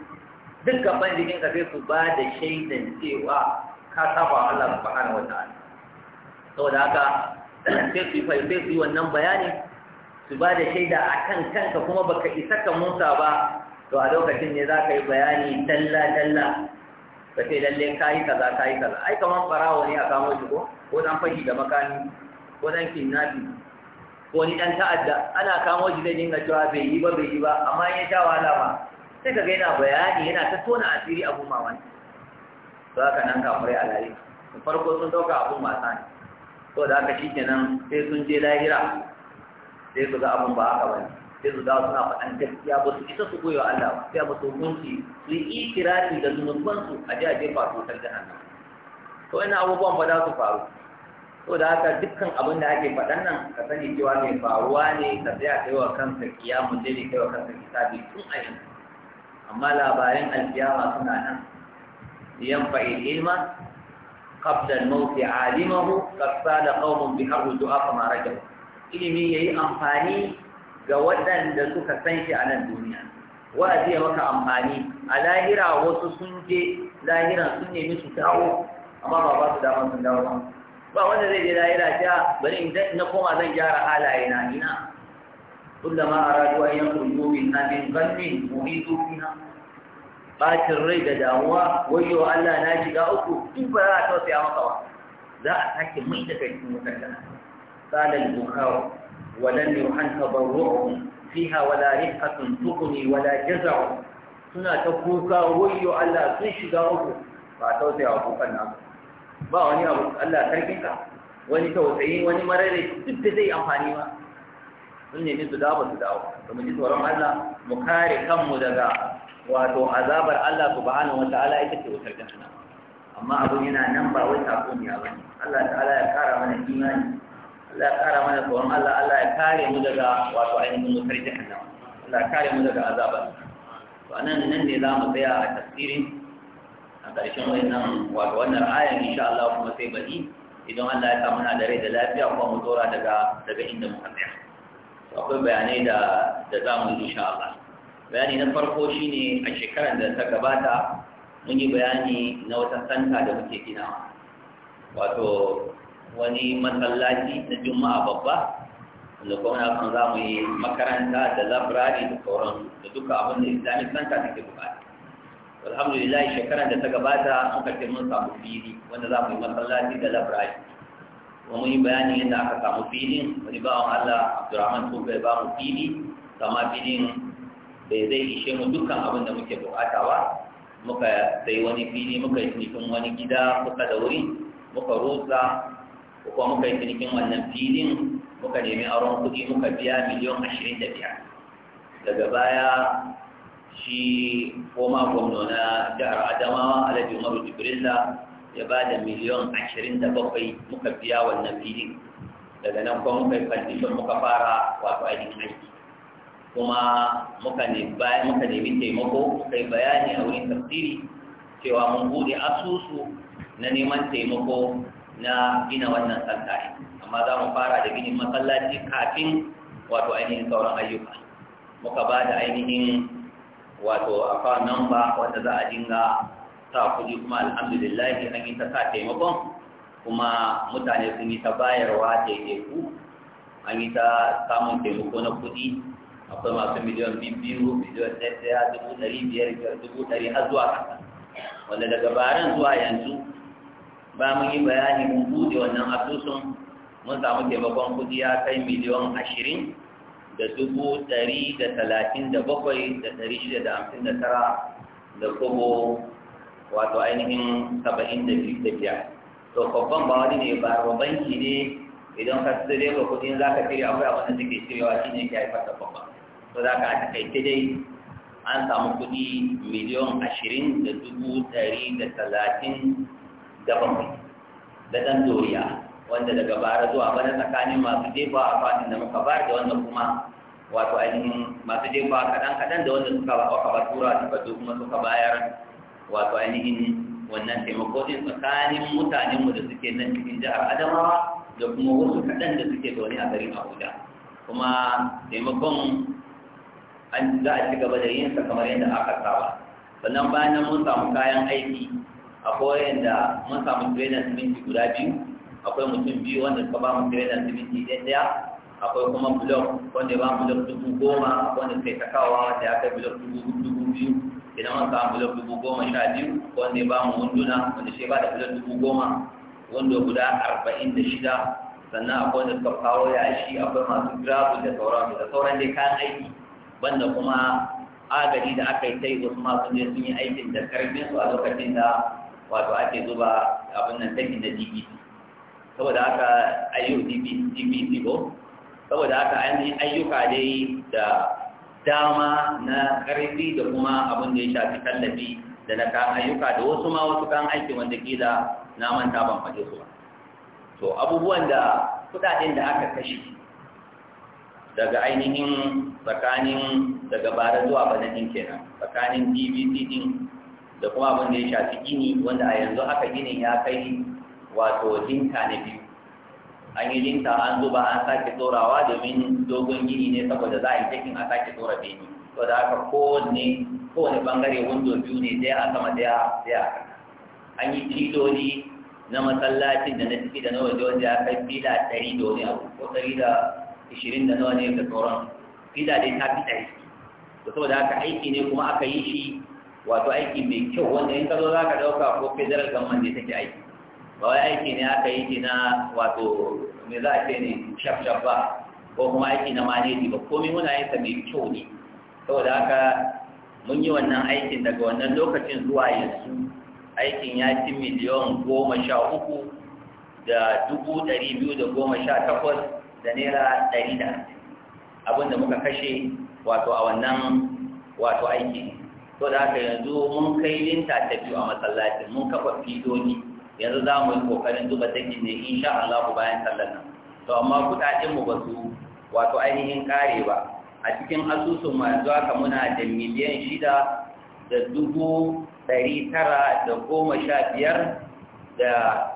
duk ban jikin ka sai su ba da shaidan cewa ka saba Allah subhanahu wa ta'ala saboda haka sai su sai su yi wannan bayani su ba da shaida a kan kanka kuma baka isa ka musa ba to a lokacin ne za ka yi bayani dalla dalla ka ce lalle ka yi kaza ka yi kaza ai kamar farawa ne a kamo shi ko ko dan fashi da makami ko dan kinnafi ko ni dan ta'adda ana kamo shi zai dinga cewa bai yi ba bai yi ba amma ya sha wahala ba sai ka ga yana bayani yana ta tona asiri abu wani to haka nan kafirai a lare farko sun dauka abun wasa ne to da haka kenan sai sun je lahira sai su ga abin ba haka bane sai su dawo suna faɗan gaskiya ba su isa su goyo wa Allah ba sai ba su hukunci su yi ikirari da su a ji a jefa su wutar jahannam to ina abubuwan ba za su faru to da haka dukkan abin da ake faɗan nan ka sani cewa mai faruwa ne ka tsaya kai wa kansa kiyamu je ne kai wa kansa kitabi tun a yanzu amma labarin alkiyama suna nan yan fa'il ilma قبل الموت عالمه قد سال قوم بحر الدعاء فما رجعوا ilimi yayi amfani ga waɗanda suka san shi a nan duniya wa'azi ya maka amfani a lahira wasu sun je lahiran sun nemi su dawo amma ba ba su dama sun dawo ba ba wanda zai je lahira ta bari in na koma zan gyara halaye na ina kullama aradu an yakhruju min amin ghammin uhidu fiha bacin rai da damuwa wayo Allah na shiga uku in ba za a tausaya maka ba za a sake mai da kai cikin wutar da qala al-bukhaw wa lam yuhan tabarru'u fiha wala rifqatun tuqni wala jaza'u suna ta kuka wayo Allah sun shiga uku ba tausaya wa kukan nan ba wani abu Allah sarkinka wani tausayi wani marare duk da zai amfani ma. sun nemi su dawo su dawo kuma ji tsoron Allah mu kare kanmu daga wato azabar Allah subhanahu wata'ala ita ce wutar jahannam amma abun yana nan ba wai ne ba ne Allah ta'ala ya kara mana imani Allah ya kara mana tsoron Allah Allah ya kare mu daga wato ainihin wutar jahannam Allah ya kare mu daga azabar to anan nan ne za mu tsaya a tafsirin a ƙarshen wannan wato wannan ayan insha Allah kuma sai bari idan Allah ya samu na da rai da lafiya kuma mu tsora daga daga inda muka tsaya akwai bayanai da da za mu yi insha Allah bayani na farko shine a shekarar da ta gabata mun yi bayani na wata santa da muke ginawa wato wani masallaci na juma'a babba wanda kuma na san za mu yi makaranta da labirari da sauran da duka abin da islamic santa take bukata alhamdulillah shekarar da ta gabata an karfe mun samu fili wanda za mu yi masallaci da labirari kuma mun yi bayani yadda aka samu filin wani bawan allah abdurrahman tuba bai ba mu fili sama filin bai zai ishe mu dukkan abin da muke bukata ba muka sai wani fili muka yi cinikin wani gida kusa da wuri muka rusa ko muka yi cinikin wannan filin muka nemi auren kudi muka biya miliyan ashirin da biyar daga baya shi koma gwamna na jihar adamawa alhaji umaru jibrila ya ba da miliyan ashirin da bakwai muka biya wannan filin daga nan kuma muka yi kandishon muka fara wato ainihin aiki kuma muka nemi taimako muka yi bayani a wurin tafsiri cewa mun bude asusu na neman taimako na gina wannan tsantari amma za mu fara da ginin masallaci kafin wato ainihin sauran ayyuka muka ba da ainihin wato kawo namba wanda za a dinga sa kuɗi kuma alhamdulillah an yi ta sa taimakon kuma mutane sun yi ta bayarwa daidaiku an yi ta samun taimako na kuɗi akwai masu miliyan biyu miliyan ɗaya dubu ɗari biyar biyar dubu ɗari har zuwa ƙasa wanda daga baran zuwa yanzu ba mun yi bayani mun buɗe wannan asusun mun samu taimakon kuɗi ya kai miliyan ashirin da dubu ɗari da talatin da bakwai da ɗari shida da hamsin da tara da kobo wato ainihin saba'in da biyu da biyar to babban ba wani ne ba banki ne idan ka tsire ba kuɗin za ka shirya akwai abin da suke wa shi ne ke haifar da babban to za ka takaice dai an samu kuɗi miliyon ashirin da dubu dari da talatin da bakwai da ɗan doriya wanda daga bara zuwa bana tsakanin masu jefa a fatin da muka bar da wanda kuma wato ainihin masu jefa kaɗan-kaɗan da wanda suka waka batura tura suka zo kuma suka bayar wato ainihin wannan taimako din tsakanin mutanenmu da suke nan cikin jihar adamawa da kuma wasu kaɗan da suke zaune a garin abuja kuma taimakon an za a ci gaba da yin sa kamar yadda aka saba sannan bayan mun samu kayan aiki akwai yadda mun samu trainer siminti guda biyu akwai mutum biyu wanda suka ba mu trainer siminti ɗaya ɗaya akwai kuma blog wanda ya ba mu blog dubu goma wanda suka yi takawa wanda ya kai blog dubu dubu biyu idan mun samu blog dubu goma sha biyu wanda ya ba mu wunduna wanda shi ba da blog dubu goma wando guda arba'in da shida sannan akwai wanda suka kawo yashi akwai masu grabu da sauran da sauran dai kayan aiki banda kuma agaji da aka yi ta yi wasu masu ne sun yi aikin da karfin su a lokacin da wato ake zuba abin nan takin da dbc saboda aka ayyu dbc ko saboda aka an yi ayyuka dai da dama na karfi da kuma abin da ya shafi tallafi da na kan ayyuka da wasu ma wasu kan aiki wanda kila na manta ban faɗe su ba to abubuwan da kudaden da aka kashe daga ainihin tsakanin daga bara zuwa banadin kenan tsakanin dvc din da kuma abin da ya shafi gini wanda a yanzu haka ginin ya kai wato linta na biyu an yi linta an zuba an sake tsorawa domin dogon gini ne saboda za a yi cikin a sake tsora beni to da haka kowane kowane bangare windo biyu ne daya a sama daya daya a kasa an yi tiloli na masallacin da na ciki da na waje wanda ya kai fila ɗari da wani abu ko ɗari da ishirin da nawa ne da sauran fida dai ta fi ɗari Da saboda haka aiki ne kuma aka yi shi wato aiki mai kyau wanda in ka zo za ka ɗauka ko federal government ne take aiki ba wai aiki ne aka yi shi na wato me za a ce ne shaf shaf ba ko kuma aiki na maneji ba komai muna yin sa mai kyau ne saboda haka mun yi wannan aikin daga wannan lokacin zuwa yanzu aikin ya ci miliyan goma sha uku da dubu ɗari biyu da goma sha takwas da naira ɗari da abin da muka kashe wato a wannan wato aiki to da aka yanzu mun kai linta ta biyu a masallacin mun kafa fidoni yanzu za mu yi kokarin zuba takin ne sha Allah bayan sallar nan to amma kudaden mu ba su wato ainihin kare ba a cikin asusun mu yanzu aka muna da miliyan shida da dubu ɗari tara da goma sha biyar da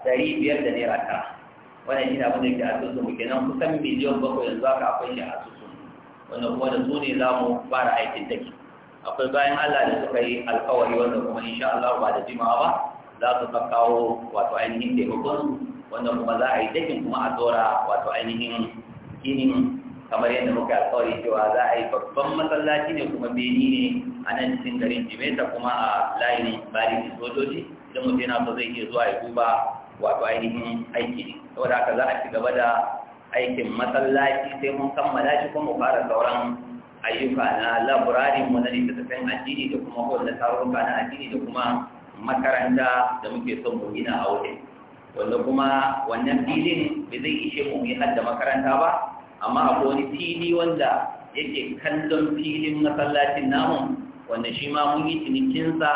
ɗari biyar da naira tara wannan shi abin da ke asusun muke nan kusan miliyan bakwai yanzu aka akwai shi asusun wanda kuma da su ne za mu fara aikin take akwai bayan Allah da suka yi alkawari wanda kuma insha Allah ba da jimawa ba za su ka kawo wato ainihin taimakon wanda kuma za a yi dakin kuma a dora wato ainihin ginin kamar yadda muka alkawari cewa za a yi babban masallaci ne kuma beni ne a nan cikin garin jimeta kuma a layin bari sojoji idan mutum yana so zai iya zuwa ya duba wato ainihin aiki ne saboda haka za a ci gaba da aikin masallaci sai mun kammala shi kuma mu fara sauran ayyuka na laburarin mu na littattafan addini da kuma kowanne tarurruka na addini da kuma makaranta da muke son mu gina a wurin wanda kuma wannan filin ba zai ishe mu yi hadda makaranta ba amma akwai wani fili wanda yake kallon filin masallacin namu wanda shi ma mun yi cinikinsa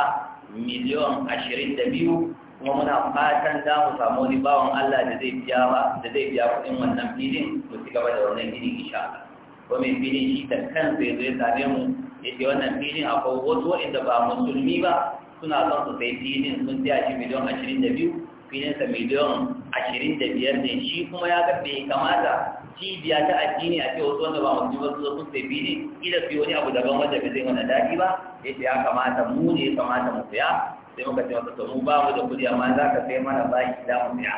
miliyon ashirin da biyu kuma muna fatan za mu samu wani bawan Allah da zai biya ba da zai biya kuɗin wannan filin mu ci gaba da wannan gini insha Allah ko mai filin shi da kansa ya zo ya same mu ya ce wannan filin akwai wasu waɗanda ba musulmi ba suna son su sai filin sun tsaya shi miliyan ashirin da biyu filinsa miliyan ashirin da biyar ne shi kuma ya ga bai kamata cibiya ta addini a wasu wanda ba musulmi ba su sun sai filin ila su wani abu daban wanda bai zai mana daɗi ba ya ce ya kamata mu ne ya kamata mu saya sai muka ce masa mu ba mu da kuɗi amma za ka sai mana ba shi za mu biya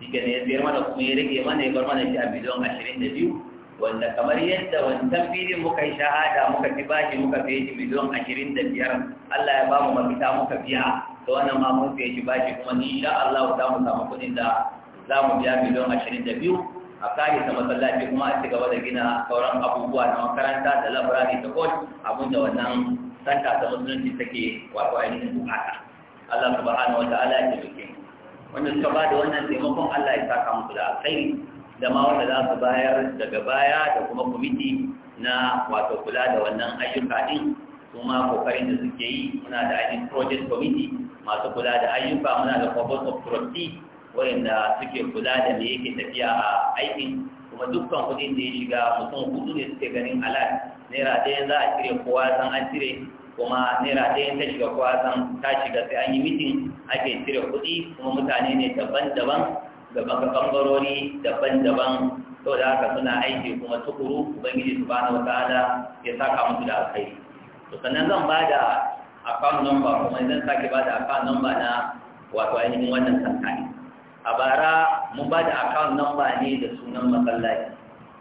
shi ke ne ya sayar mana kuma ya rage mana ya bar mana shi a miliyan ashirin da biyu wanda kamar yadda wancan filin muka yi shahada muka ci bashi muka fiye shi miliyan ashirin da biyar Allah ya ba mu mafita muka biya da wannan ma mun fiye shi bashi kuma ni sha Allah za mu samu kuɗin da za mu biya miliyan ashirin da biyu a kare ta masallaci kuma a ci gaba da gina sauran abubuwa na makaranta da labarari da kot abinda wannan san ta da musulunci take wato ainihin bukata Allah subhanahu wa ta'ala ya wanda suka ba da wannan taimakon Allah ya saka musu da alkhairi da ma wanda za su bayar daga baya da kuma kwamiti na wato kula da wannan ayyuka din kuma kokarin da suke yi muna da ainihin project committee masu kula da ayyuka muna da corporate of trustee wanda suke kula da me yake tafiya a aikin kuma dukkan kuɗin da ya shiga mutum hudu ne suke ganin halal naira ɗaya za a cire kowa san an cire kuma naira ɗaya ta shiga kowa san ta shiga sai an yi mitin ake cire kuɗi kuma mutane ne daban-daban daga ɓangarori daban-daban sau da haka suna aiki kuma tukuru ubangiji su bani ala ya saka musu da alkhairi to sannan zan ba da account number kuma zan sake ba da account number na wato ainihin wannan kankani a bara mun ba da account number ne da sunan masallaci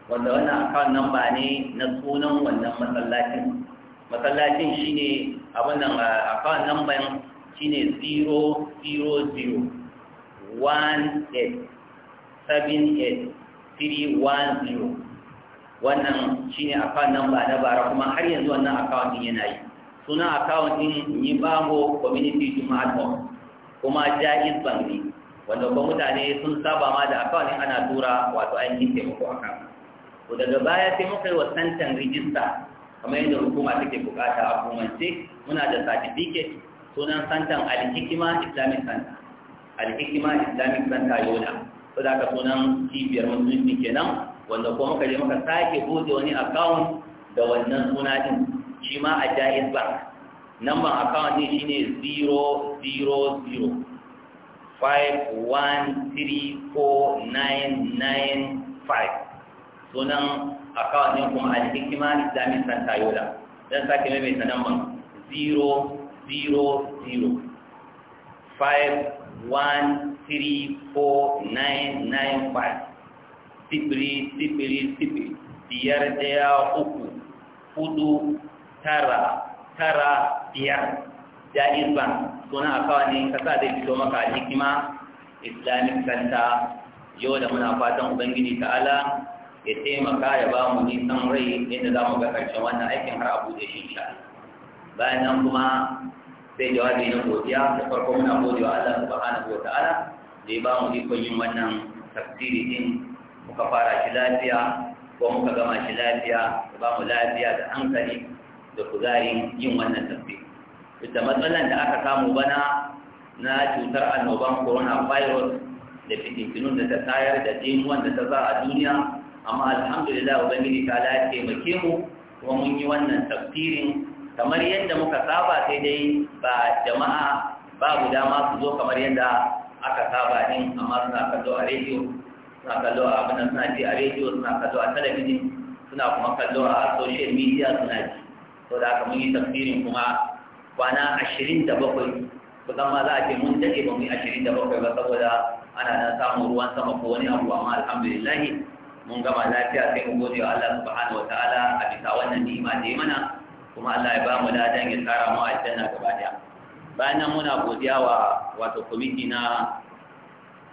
wanda wannan account number ne na sunan wannan masallacin masallacin shine abin nan eh, account number shine 000 one eight seven eight three one zero wannan shine account number na bara kuma har yanzu wannan account din yana yi sunan account din bango Community Juma'a kuma Jaiz Bank ne wanda kuma mutane sun saba ma da akawunin ana tura wato ainihin taimako a kan ko daga baya sai muka yi wa santan rijista kamar yadda hukuma take bukata a hukumance muna da certificate sunan santan alhikima islamic santa alhikima islamic santa yola ko da ka sunan cibiyar musulunci kenan wanda kuma muka je muka sake buɗe wani account da wannan suna din shi ma a jaiz bank number account ne shine 000 5134995. sunan account kuma alhikima islami san tayola don dan sake mai mai sanan man 513499 sifiri sifiri sifiri biyar daya uku hudu tara tara biyar da bank Suna akawa ne ka zai fito maka a hikima islamic center yau da muna fatan ubangiji ta'ala ya taimaka ya ba mu nisan rai inda za mu ga karshen wannan aikin har abu da shi sha bayan nan kuma sai jawabi na godiya da farko muna gode wa Allah subhanahu wa ta'ala da ya ba mu ikon yin wannan tafsiri din muka fara shi lafiya ko muka gama shi lafiya ya ba mu lafiya da hankali da kuzarin yin wannan tafsiri da matsalan da aka samu bana na cutar annoban virus da fitintunun da ta tayar da jimuwan da ta za a duniya amma alhamdulillah ubangiji ta lafiya taimake mu kuma mun yi wannan tafsirin kamar yadda muka saba sai dai ba jama'a babu dama su zo kamar yadda aka saba din amma suna kallo a rediyo suna kallo a abin suna ji a rediyo suna kallo a talabijin suna kuma kallo a social media suna ji to da aka mun yi tafsirin kuma kwana ashirin da bakwai kusan ma za a ce mun daɗe ba mu yi ashirin da bakwai ba saboda ana nan samun ruwan sama ko wani abu amma alhamdulillahi mun gama lafiya sai mu gode wa Allah subhanahu wa ta'ala a bisa wannan ni'ima da ya mana kuma Allah ya ba mu ladan ya tsara mu aljanna gaba daya bayan nan muna godiya wa wato kwamiti na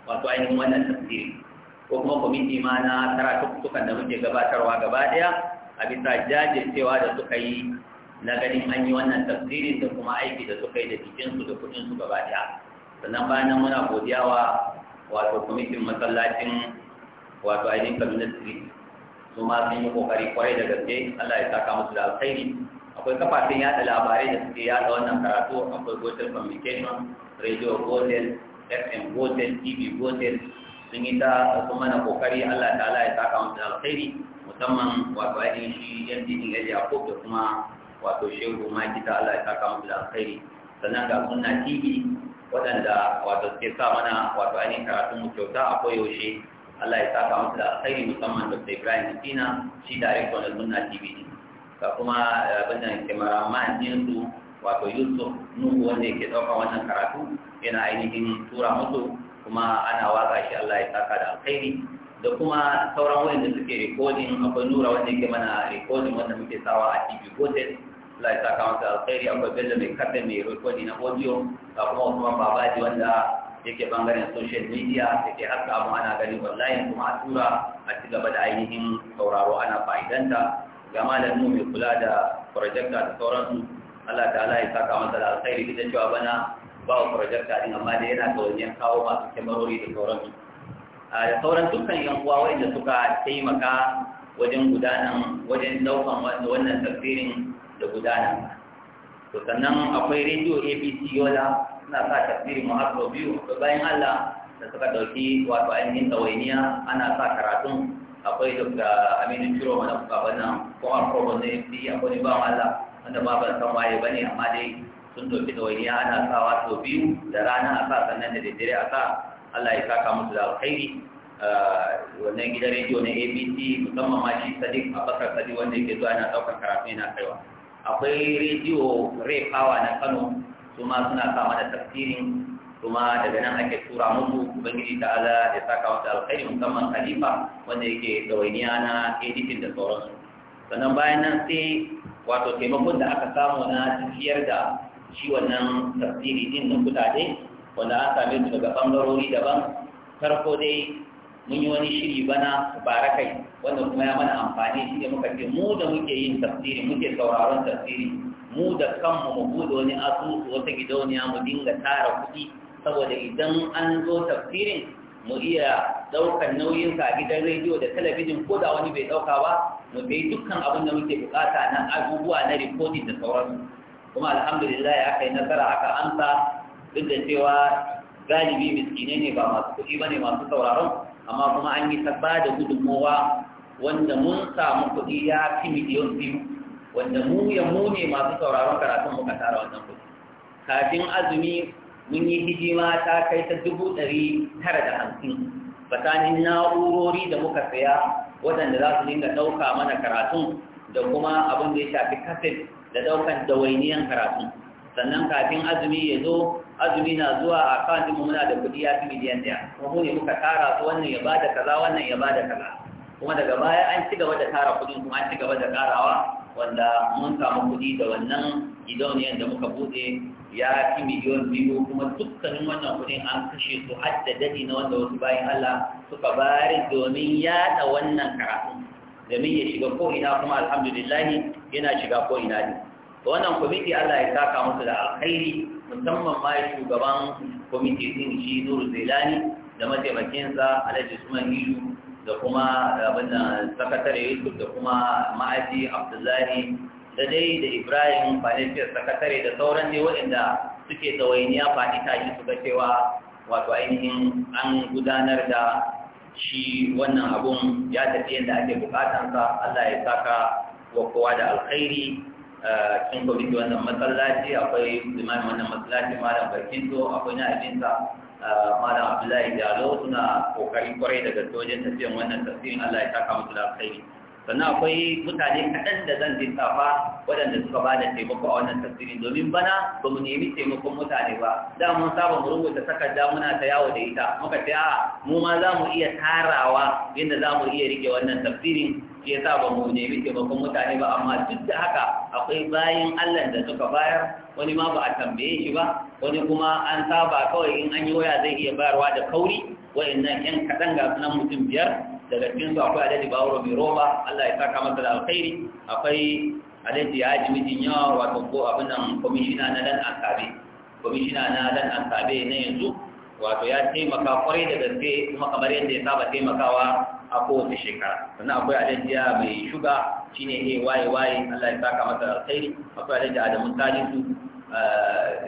wato ainihin wannan tafsiri ko kuma kwamiti ma na tara tukutukan da muke gabatarwa gaba daya a bisa jajircewa da suka yi na ganin an yi wannan tafsirin da kuma aiki da suka yi da jikinsu da kudinsu gaba ɗaya sannan bayan muna godiya wa wato kwamitin masallacin wato ainihin kaduna street su ma sun yi kokari kwarai da gaske allah ya saka musu da alkhairi akwai kafafen yada labarai da suke yada wannan karatu akwai gotel communication radio gotel fm gotel tv gotel sun yi ta su mana kokari allah ta'ala ya saka musu da alkhairi musamman wato ainihin shi yan jijin ya a da kuma wato shehu ma kita Allah ya saka mu da alkhairi sannan ga sunna tv waɗanda wato suke sa mana wato ainihin karatu mu kyauta a koyaushe Allah ya saka mu da alkhairi musamman Dr. Ibrahim kina shi director na sunna tv ne ga kuma eh, abin da cameraman su wato Yusuf Nuhu wanda yake dauka wannan karatu yana ainihin tura musu kuma ana waka shi Allah ya saka da alkhairi da kuma sauran wanda suke recording akwai nura wanda yake mana recording wanda muke sawa a TV Gotel Allah ya saka masa alkhairi akwai bello mai kada mai rikodi na audio ga kuma Usman Babaji wanda yake bangaren social media ke haska abu ana gani online kuma a tura a ci gaba da ainihin sauraro ana fa'idanta ga malamu mai kula da projecta da sauransu Allah ta'ala ya saka masa da alkhairi duk da cewa bana ba projecta din amma dai yana tsoron kawo masu kyamarori da sauransu da sauran dukkan yan uwa wanda suka taimaka wajen gudanar wajen daukan wannan tafsirin da gudana to sannan akwai rediyo abc yola suna sa mu muhammadu biyu to bayan allah da suka ɗauki wato ainihin ɗawainiya ana sa karatun akwai dr aminu ciro mana babanan kuma probo na fc akwai ba allah wanda ba ban san waye bane amma dai sun ɗauki ɗawainiya ana sa wato biyu da rana a sa sannan da daddare a sa allah ya saka musu da alkhairi eh, wannan gidan rediyo na abc musamman ma shi sadiq abakar sadiq wanda yake zuwa yana ɗaukar karatu yana kaiwa akwai rediyo rai fawa na kano su ma suna kama da tafsirin kuma daga nan ake tura musu ubangiji ta ala ya saka wata alkhairi musamman khalifa wanda yake ɗawainiya na editing da sauransu sannan bayan nan sai wato taimakon da aka samu na tafiyar da shi wannan tafsiri din na kudade wanda an same su daga ɓangarori daban farko dai mun yi wani shiri bana barakai wanda kuma ya mana amfani shi ne muka ce mu da muke yin tafsiri muke sauraron tafsiri mu da kanmu mu bude wani asusu wata gidauniya mu dinga tara kuɗi saboda idan an zo tafsirin mu iya ɗaukar nauyinsa a gidan rediyo da talabijin ko da wani bai ɗauka ba mu bai dukkan abin da muke bukata na abubuwa na rikodin da sauransu kuma alhamdulillah ya kai nasara aka amsa duk da cewa galibi miskinai ne ba masu kuɗi ba ne masu sauraron amma kuma an yi ta ba da gudunmowa wanda mun samu kuɗi ya fi miliyon biyu wanda mu ya mu ne masu sauraron karatun muka tara wannan kuɗi kafin azumi mun yi hidima ta kai ta dubu ɗari tara da hamsin tsakanin na'urori da muka saya waɗanda za su dinga ɗauka mana karatun da kuma abin da ya shafi kaset da ɗaukan dawainiyan karatun sannan kafin azumi ya zo azumi na zuwa a kan mu muna da kuɗi ya fi miliyan ɗaya kuma mu ne muka tara su wannan ya bada kaza wannan ya bada kaza kuma daga baya an ci gaba da tara kuɗin kuma an ci gaba da karawa wanda mun samu kuɗi da wannan gidauniyar da muka buɗe ya fi miliyan biyu kuma dukkanin wannan kuɗin an kashe su har da daɗi na wanda wasu bayan Allah suka bari domin yaɗa wannan karatu domin ya shiga ko ina kuma alhamdulillahi yana shiga ko ina ne wannan kwamiti Allah ya saka musu da alkhairi musamman ma shugaban kwamiti din shi Nuru Zailani da mataimakinsa Alhaji Usman Ilu da kuma abin sakatare Yusuf da kuma ma'aji Abdullahi da dai da Ibrahim Balafiyar sakatare da sauran ne waɗanda suke tsawainiya faɗi ta su suka cewa wato ainihin an gudanar da shi wannan abun ya tafi yadda ake bukatansa Allah ya saka wa kowa da alkhairi ko kwamiti wannan masallaci akwai limamin wannan masallaci malam to akwai na abinsa malam abdullahi jalo suna kokarin kwarai daga wajen tafiyan wannan tafsirin allah ya saka musu da sannan akwai mutane kaɗan da zan lissafa waɗanda suka ba da taimako a wannan tafsirin domin bana ba mu nemi taimakon mutane ba Za mu saba mu rubuta takarda muna ta yawo da ita muka ce a mu ma za mu iya tarawa yadda za mu iya rike wannan tafsirin shi yasa ba mu nemi taimakon mutane ba amma duk da haka akwai bayan Allah da suka bayar wani ma ba a tambaye shi ba wani kuma an saba kawai in an yi waya zai iya bayarwa da kauri wa'annan yan kaɗan ga sunan mutum biyar daga cikin su akwai alaji bawuro mai roba Allah ya saka masa da alkhairi akwai alaji ya ji mijin yawa wato ko abin nan kwamishina na dan asabe kwamishina na dan asabe na yanzu wato ya taimaka kwarai da gaske kuma kamar yadda ya saba taimakawa a kowace shekara sannan akwai alajiya mai shuga shine ne waye waye Allah ya saka masa alkhairi akwai alajiya da tajisu tani eh, su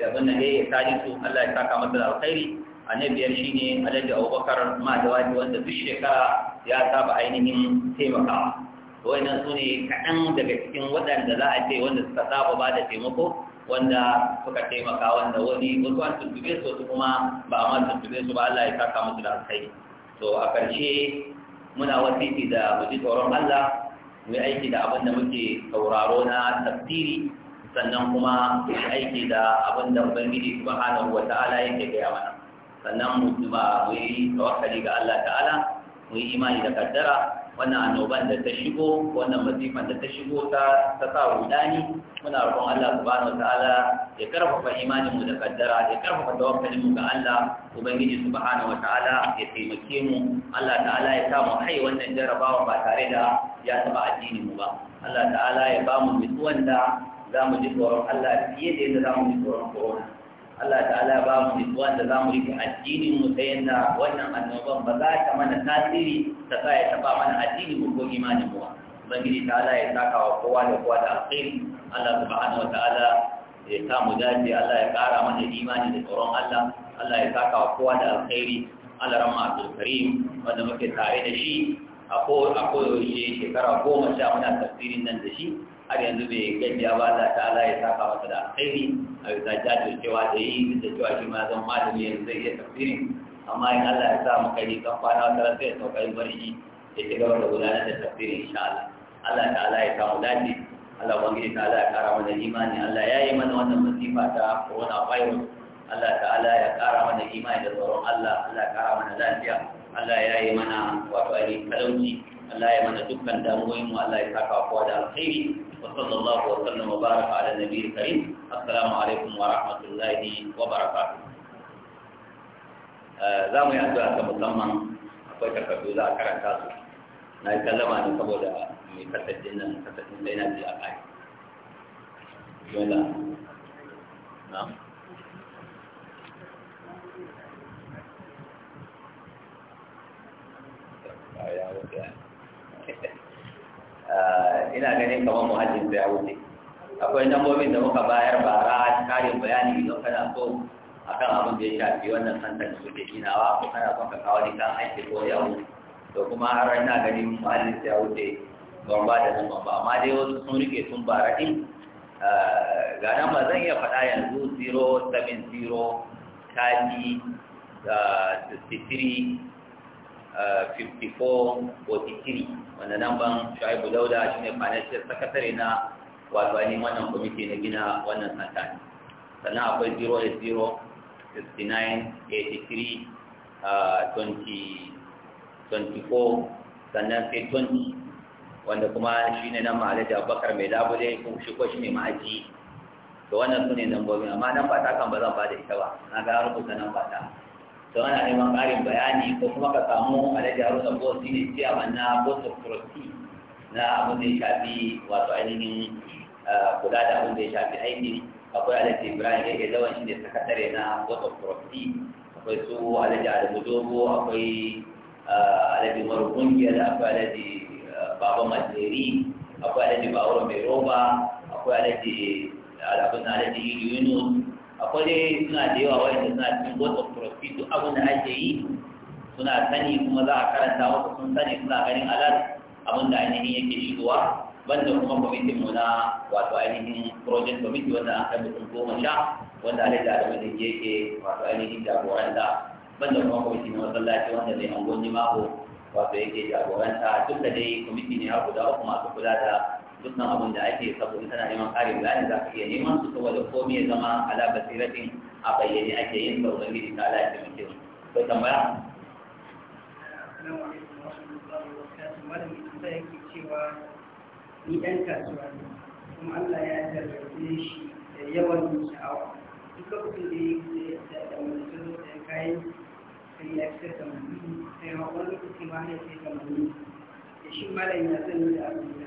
abin nan ne ya tani su Allah ya saka masa alkhairi a na biyar shine alhaji abubakar madawadi wanda duk shekara ya saba ainihin taimakawa wannan su ne kaɗan daga cikin waɗanda za a ce wanda suka saba ba da taimako wanda suka taimaka wanda wani wasu an tuntube su wasu kuma ba a ma tuntube su ba Allah ya saka musu da alkhairi to a ƙarshe muna wasiti da mu ji tsoron Allah mu yi aiki da abin da muke sauraro na tafsiri sannan kuma mu yi aiki da abin da Ubangiji subhanahu wa ta'ala yake gaya mana sannan mu ba mu yi tawakkali ga Allah ta'ala mu yi imani da kaddara wannan annoban da ta shigo wannan masifan da ta shigo ta ta sa rudani muna roƙon Allah subhanahu ta'ala ya karfafa imanin mu da kaddara ya karfafa tawakkalin mu ga Allah ubangiji subhanahu ta'ala ya taimake mu Allah ta'ala ya sa mu wannan jarabawa ba tare da ya taba addinin mu ba Allah ta'ala ya ba mu mutuwan da za mu ji tsoron Allah fiye da yadda za mu ji tsoron corona Allah ta'ala ba mu nutsuwa da za mu rike addinin mu ta yadda wannan annoban ba za ta mana tasiri ta sa ya taɓa mana addini mu ko imanin mu ubangiji ta'ala ya saka wa kowa da kowa da alkhairi Allah subhanahu wa ta'ala ya sa mu dace Allah ya ƙara mana imani da tsoron Allah Allah ya saka wa kowa da alkhairi Allah rahma Abdul Karim wanda muke tare da shi a koyaushe shekara goma sha muna tafsirin nan da shi har yanzu bai ya ba Allah ta'ala ya saka masa da alkhairi a bisa cewa da yi da cewa shi ma zan malami ya zai iya tafsirin amma in Allah ya sa maka yi kan kwana wata rasa ya sauka yin barci ya ci gaba da gudanar da tafsirin insha Allah Allah ta'ala ya samu dace Allah ubangiji ala ya kara mana imani Allah ya yi mana wannan masifa ta corona virus Allah ta'ala ya kara mana imani da tsoron Allah Allah ya kara mana lafiya Allah ya yi mana wato ainihin talauci Allah ya mana dukkan damuwoyin mu Allah ya saka kowa da alkhairi wa sallallahu wa sallam wa baraka ala nabiyil karim assalamu alaikum wa rahmatullahi wa barakatuh za mu yi addu'a ta musamman akwai takardu za a karanta su na yi kallama ne saboda mai kasaddin nan kasaddin da yana ji a kai yola na'am Yeah, yeah. Eh, ina ganin kamar muhajjin ya wuce akwai lambobin da muka bayar ba bara karin bayani idan kana so kan abin da ya shafi wannan santar da suke ginawa ko kana son ka kawo ni kan aiki ko ya wuce to kuma har ina ganin muhajjin ya wuce ban ba da nan ba amma dai wasu sun rike sun ba raɗi eh, ga nan ba zan iya faɗa yanzu 070 30 63 54 43 wanda nan ban shu'aibu dauda shine financial secretary na wato ainihin wannan kwamiti na gina wannan santa sannan akwai 080 69 83 20 24 sannan sai 20 wanda kuma shi ne nan ma'alaji abubakar mai labule kuma shi ko shi ne ma'aji to wannan su ne nan gobe amma nan ba ta kan ba zan ba da ita ba na ga rubuta nan ba ta to ana neman ƙarin bayani ko kuma ka samu alhaji haruna ko shi ne ciyaman na board of trustee na a da ya shafi wato ainihin eh, kula da abin da ya shafi aikin akwai alaji ibrahim ya ke shi ne sakatare na board of trustee akwai su alhaji adamu dogo akwai eh, alaji umaru kungiya akwai alaji eh, baba majeri akwai alaji bawuro mai roba akwai alaji alabun yunus akwai suna da yawa da suna cikin board of trustees abin da ake yi suna sani kuma za a karanta wasu sun sani suna ganin alat abin da ainihin yake shigowa banda kuma kwamitin mu na wato ainihin project committee wanda an kai mutum goma sha wanda alai da alamun da yake wato ainihin jagoranta banda kuma na masallaci wanda zai an gwani mako wato yake jagoranta duk da dai kwamiti ne ya guda uku masu kula da dukkan abin da ake saboda tana neman ƙarin bayani za ka iya neman su saboda komai ya zama ala basiratin a bayyane ake yin sa ubangiji ta ala ya taimake mu ko tambaya ni ɗan kasuwa ne kuma Allah ya jarrabe shi da yawan sha'awa duk lokacin da ya da mutum da kayan sai ya fi kamar sai ma wani kuke ma ne ta kamar ni da shi malam ya sani da abin da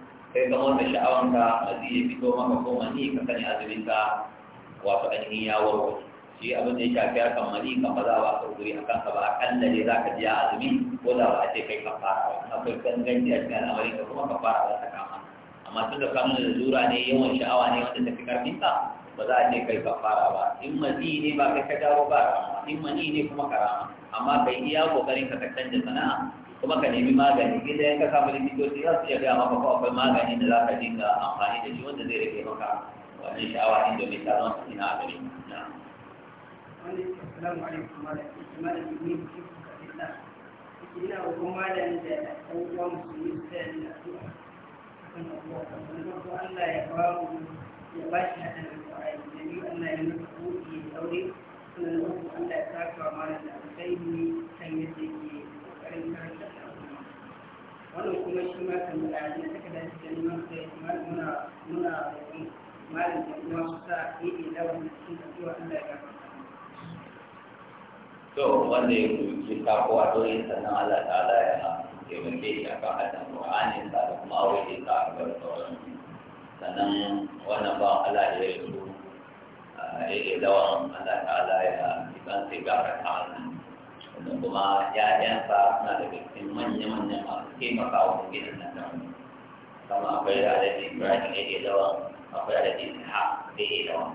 sai zama da sha'awanka a zai fito maka ko mani ka sani azumin ka wato ainihin ya warware shi abin da ya shafi kan mani kan ba za a ka guri a kanka ba akalla ne za ka ji a azumi ko da ba a ce kai kan fara ba akwai ganganci a cikin al'amarin ka kuma ka fara ba ta kama amma tun da kamun da zura ne yawan sha'awa ne wanda ta fi karfin ka ba za a ce kai ka fara ba in mani ne ba kai ka jawo ba in mani ne kuma karama amma kai iya kokarin ka ka canja sana'a kuma ka nemi magani gida yanka samu likitoci za su iya gaya maka ko akwai magani da za ka dinga amfani da shi wanda zai rage maka wannan sha'awa ɗin domin ta zama cikin a gari. na Allah ya ba mu ya ba shi haɗin da ya nufa ya Allah ya kan wannan kuma shi ma kan da ajiyar suka da shi da neman sai muna muna malin da kuma su sa ɗaiɗe da wannan cikin kasuwa Allah ya gaba. To wanda ya kuci kako a doyin sannan Allah ta'ala ya taimake shi a kan hadin Qur'anin sa da kuma aure da ka da sauran sannan wannan ba Allah ya yi su ya yi lawan Allah ta'ala ya iban sai ta. ta'ala da kuma ‘ya'yansa na da cikin manya-manyan masu taimakawa da gidan nan da wani kama akwai alaɗi ibrahim ya ke dawa akwai alaɗi isha da ya dawa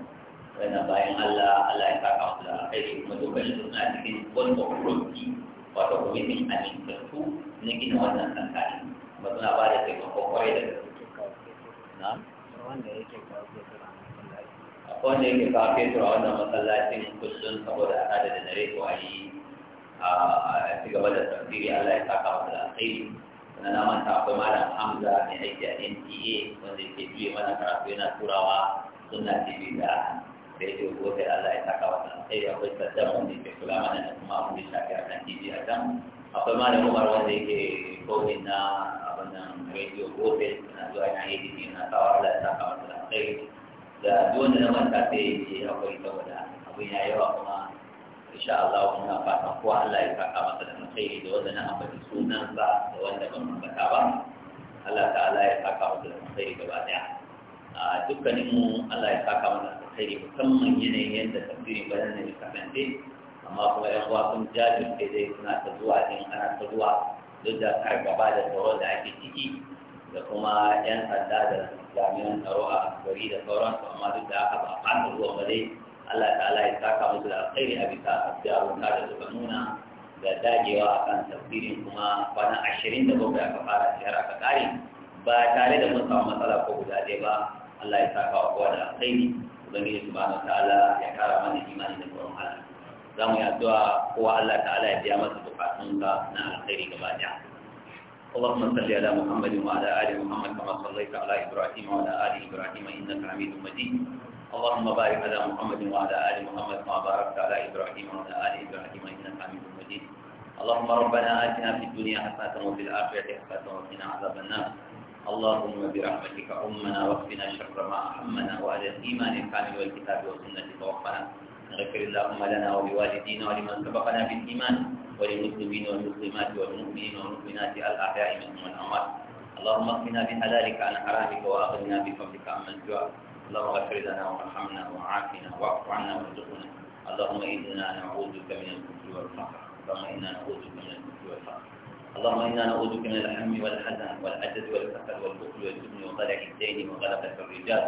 wannan bayan allah allah ya saka musu da shi kuma shi suna cikin wanda kurki wato kwamitin amintattu na gina wannan sankari ba suna ba da taimako kwarai da na wanda yake kawo wanda yake kawo fetur a wannan masallacin kullum saboda a da dare ko a yi a ci gaba da tafsiri Allah ya saka masa da alkhairi sannan na akwai a NTA wanda yake mana karatu yana turawa suna TV da Allah ya akwai saddam wanda yake kula mana da kuma abin da shafi a kan TV a Umar wanda yake komi na abin nan radio gobe yana zuwa yana yi jiki yana kawo Allah ya saka masa alkhairi da duk wanda na manta sai ya ce akwai saboda abin ya yawa kuma insha Allah muna fatan ko Allah ya saka masa da alkhairi da wanda na ambaci ba da wanda ban ambata ba Allah ta'ala ya saka masa da alkhairi gaba daya a dukkanin mu Allah ya saka mana alkhairi musamman yanayin yadda tafsirin bayan da ya kasance amma kuma yan uwa sun jajirce dai suna ta zuwa din ana ta zuwa duk da gaba da tsaro da ake ciki da kuma yan sanda da jami'an tsaro a gari da sauransu amma duk da haka ba a fata zuwa ba dai Allah ta'ala ya saka musu da alkhairi a bisa da abubuwa da suka nuna da dagewa a kan tafsirin kuma kwana ashirin da bakwai aka fara shahar aka kare ba tare da mun samu matsala ko guda ɗaya ba Allah ya saka wa kowa da alkhairi ubangiji subhanahu ta'ala ya kara mana imani da tsoron Allah za mu yi addu'a kowa Allah ta'ala ya biya masa bukatunsa na alkhairi gaba ɗaya اللهم صل على محمد وعلى ال محمد كما صليت على ابراهيم وعلى ال ابراهيم انك حميد مجيد اللهم بارك على محمد وعلى آل محمد كما باركت على إبراهيم وعلى آل إبراهيم إنك حميد مجيد اللهم ربنا آتنا في الدنيا حسنة وفي الآخرة حسنة وقنا عذاب النار اللهم برحمتك أمنا واكفنا شر ما أهمنا وعلى الإيمان الكامل والكتاب والسنة توفنا اغفر اللهم لنا ولوالدينا ولمن سبقنا بالإيمان وللمسلمين والمسلمات والمؤمنين والمؤمنات الأحياء منهم والأموات اللهم اغفنا بحلالك عن حرامك وأغننا بفضلك عمن سواك اللهم اغفر لنا وارحمنا وعافنا واعف عنا وارزقنا اللهم انا نعوذ بك من الكفر والفقر اللهم انا نعوذ بك من الكفر والفقر اللهم انا نعوذ بك من الهم والحزن والعجز والكسل والبخل والجبن وغلع الدين وغلبة الرجال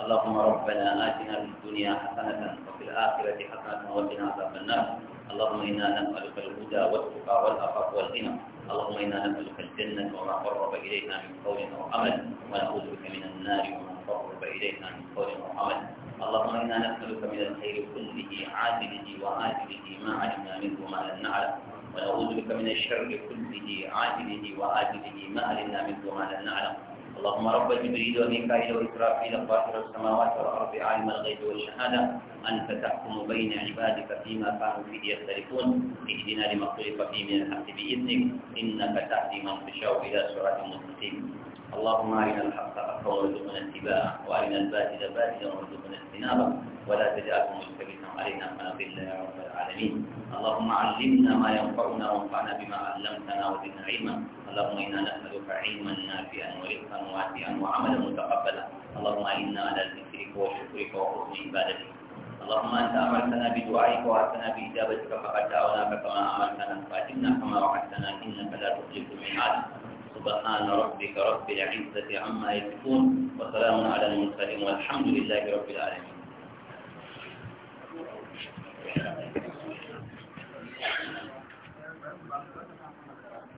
اللهم ربنا آتنا في الدنيا حسنة وفي الآخرة حسنة وقنا عذاب النار اللهم إنا نسألك الهدى والتقى والعفاف والغنى اللهم إنا نسألك الجنة وما قرب إليها من قول وعمل ونعوذ بك من النار وما قرب إليها من قول وعمل اللهم إنا نسألك من الخير كله عاجله وآجله ما علمنا منه وما لم نعلم ونعوذ بك من الشر كله عاجله وآجله ما علمنا منه وما لم نعلم اللهم رب جبريل وميكائيل وإسرافيل فاطر السماوات والأرض عالم الغيب والشهادة أنت تحكم بين عبادك فيما كانوا فيه يختلفون اهدنا لما اختلف فيه من الحق بإذنك إنك تهدي من تشاء إلى صراط مستقيم اللهم أرنا الحق حقا وارزقنا اتباعه وأرنا الباطل باطلا وارزقنا اجتنابه ولا تجعل مشتبها علينا من فنضل يا رب العالمين اللهم علمنا ما ينفعنا وانفعنا بما علمتنا وزدنا علما اللهم إنا نسألك علما نافعا ورزقا واسعا وعملا متقبلا اللهم إنا على ذكرك وشكرك وحسن عبادتك اللهم أنت أمرتنا بدعائك وارسلنا بإجابتك فقد دعوناك كما أمرتنا فأتمنا كما وعدتنا إنك لا تخلف الميعاد سبحان ربك رب العزة عما يصفون وسلام على المرسلين والحمد لله رب العالمين Thank you.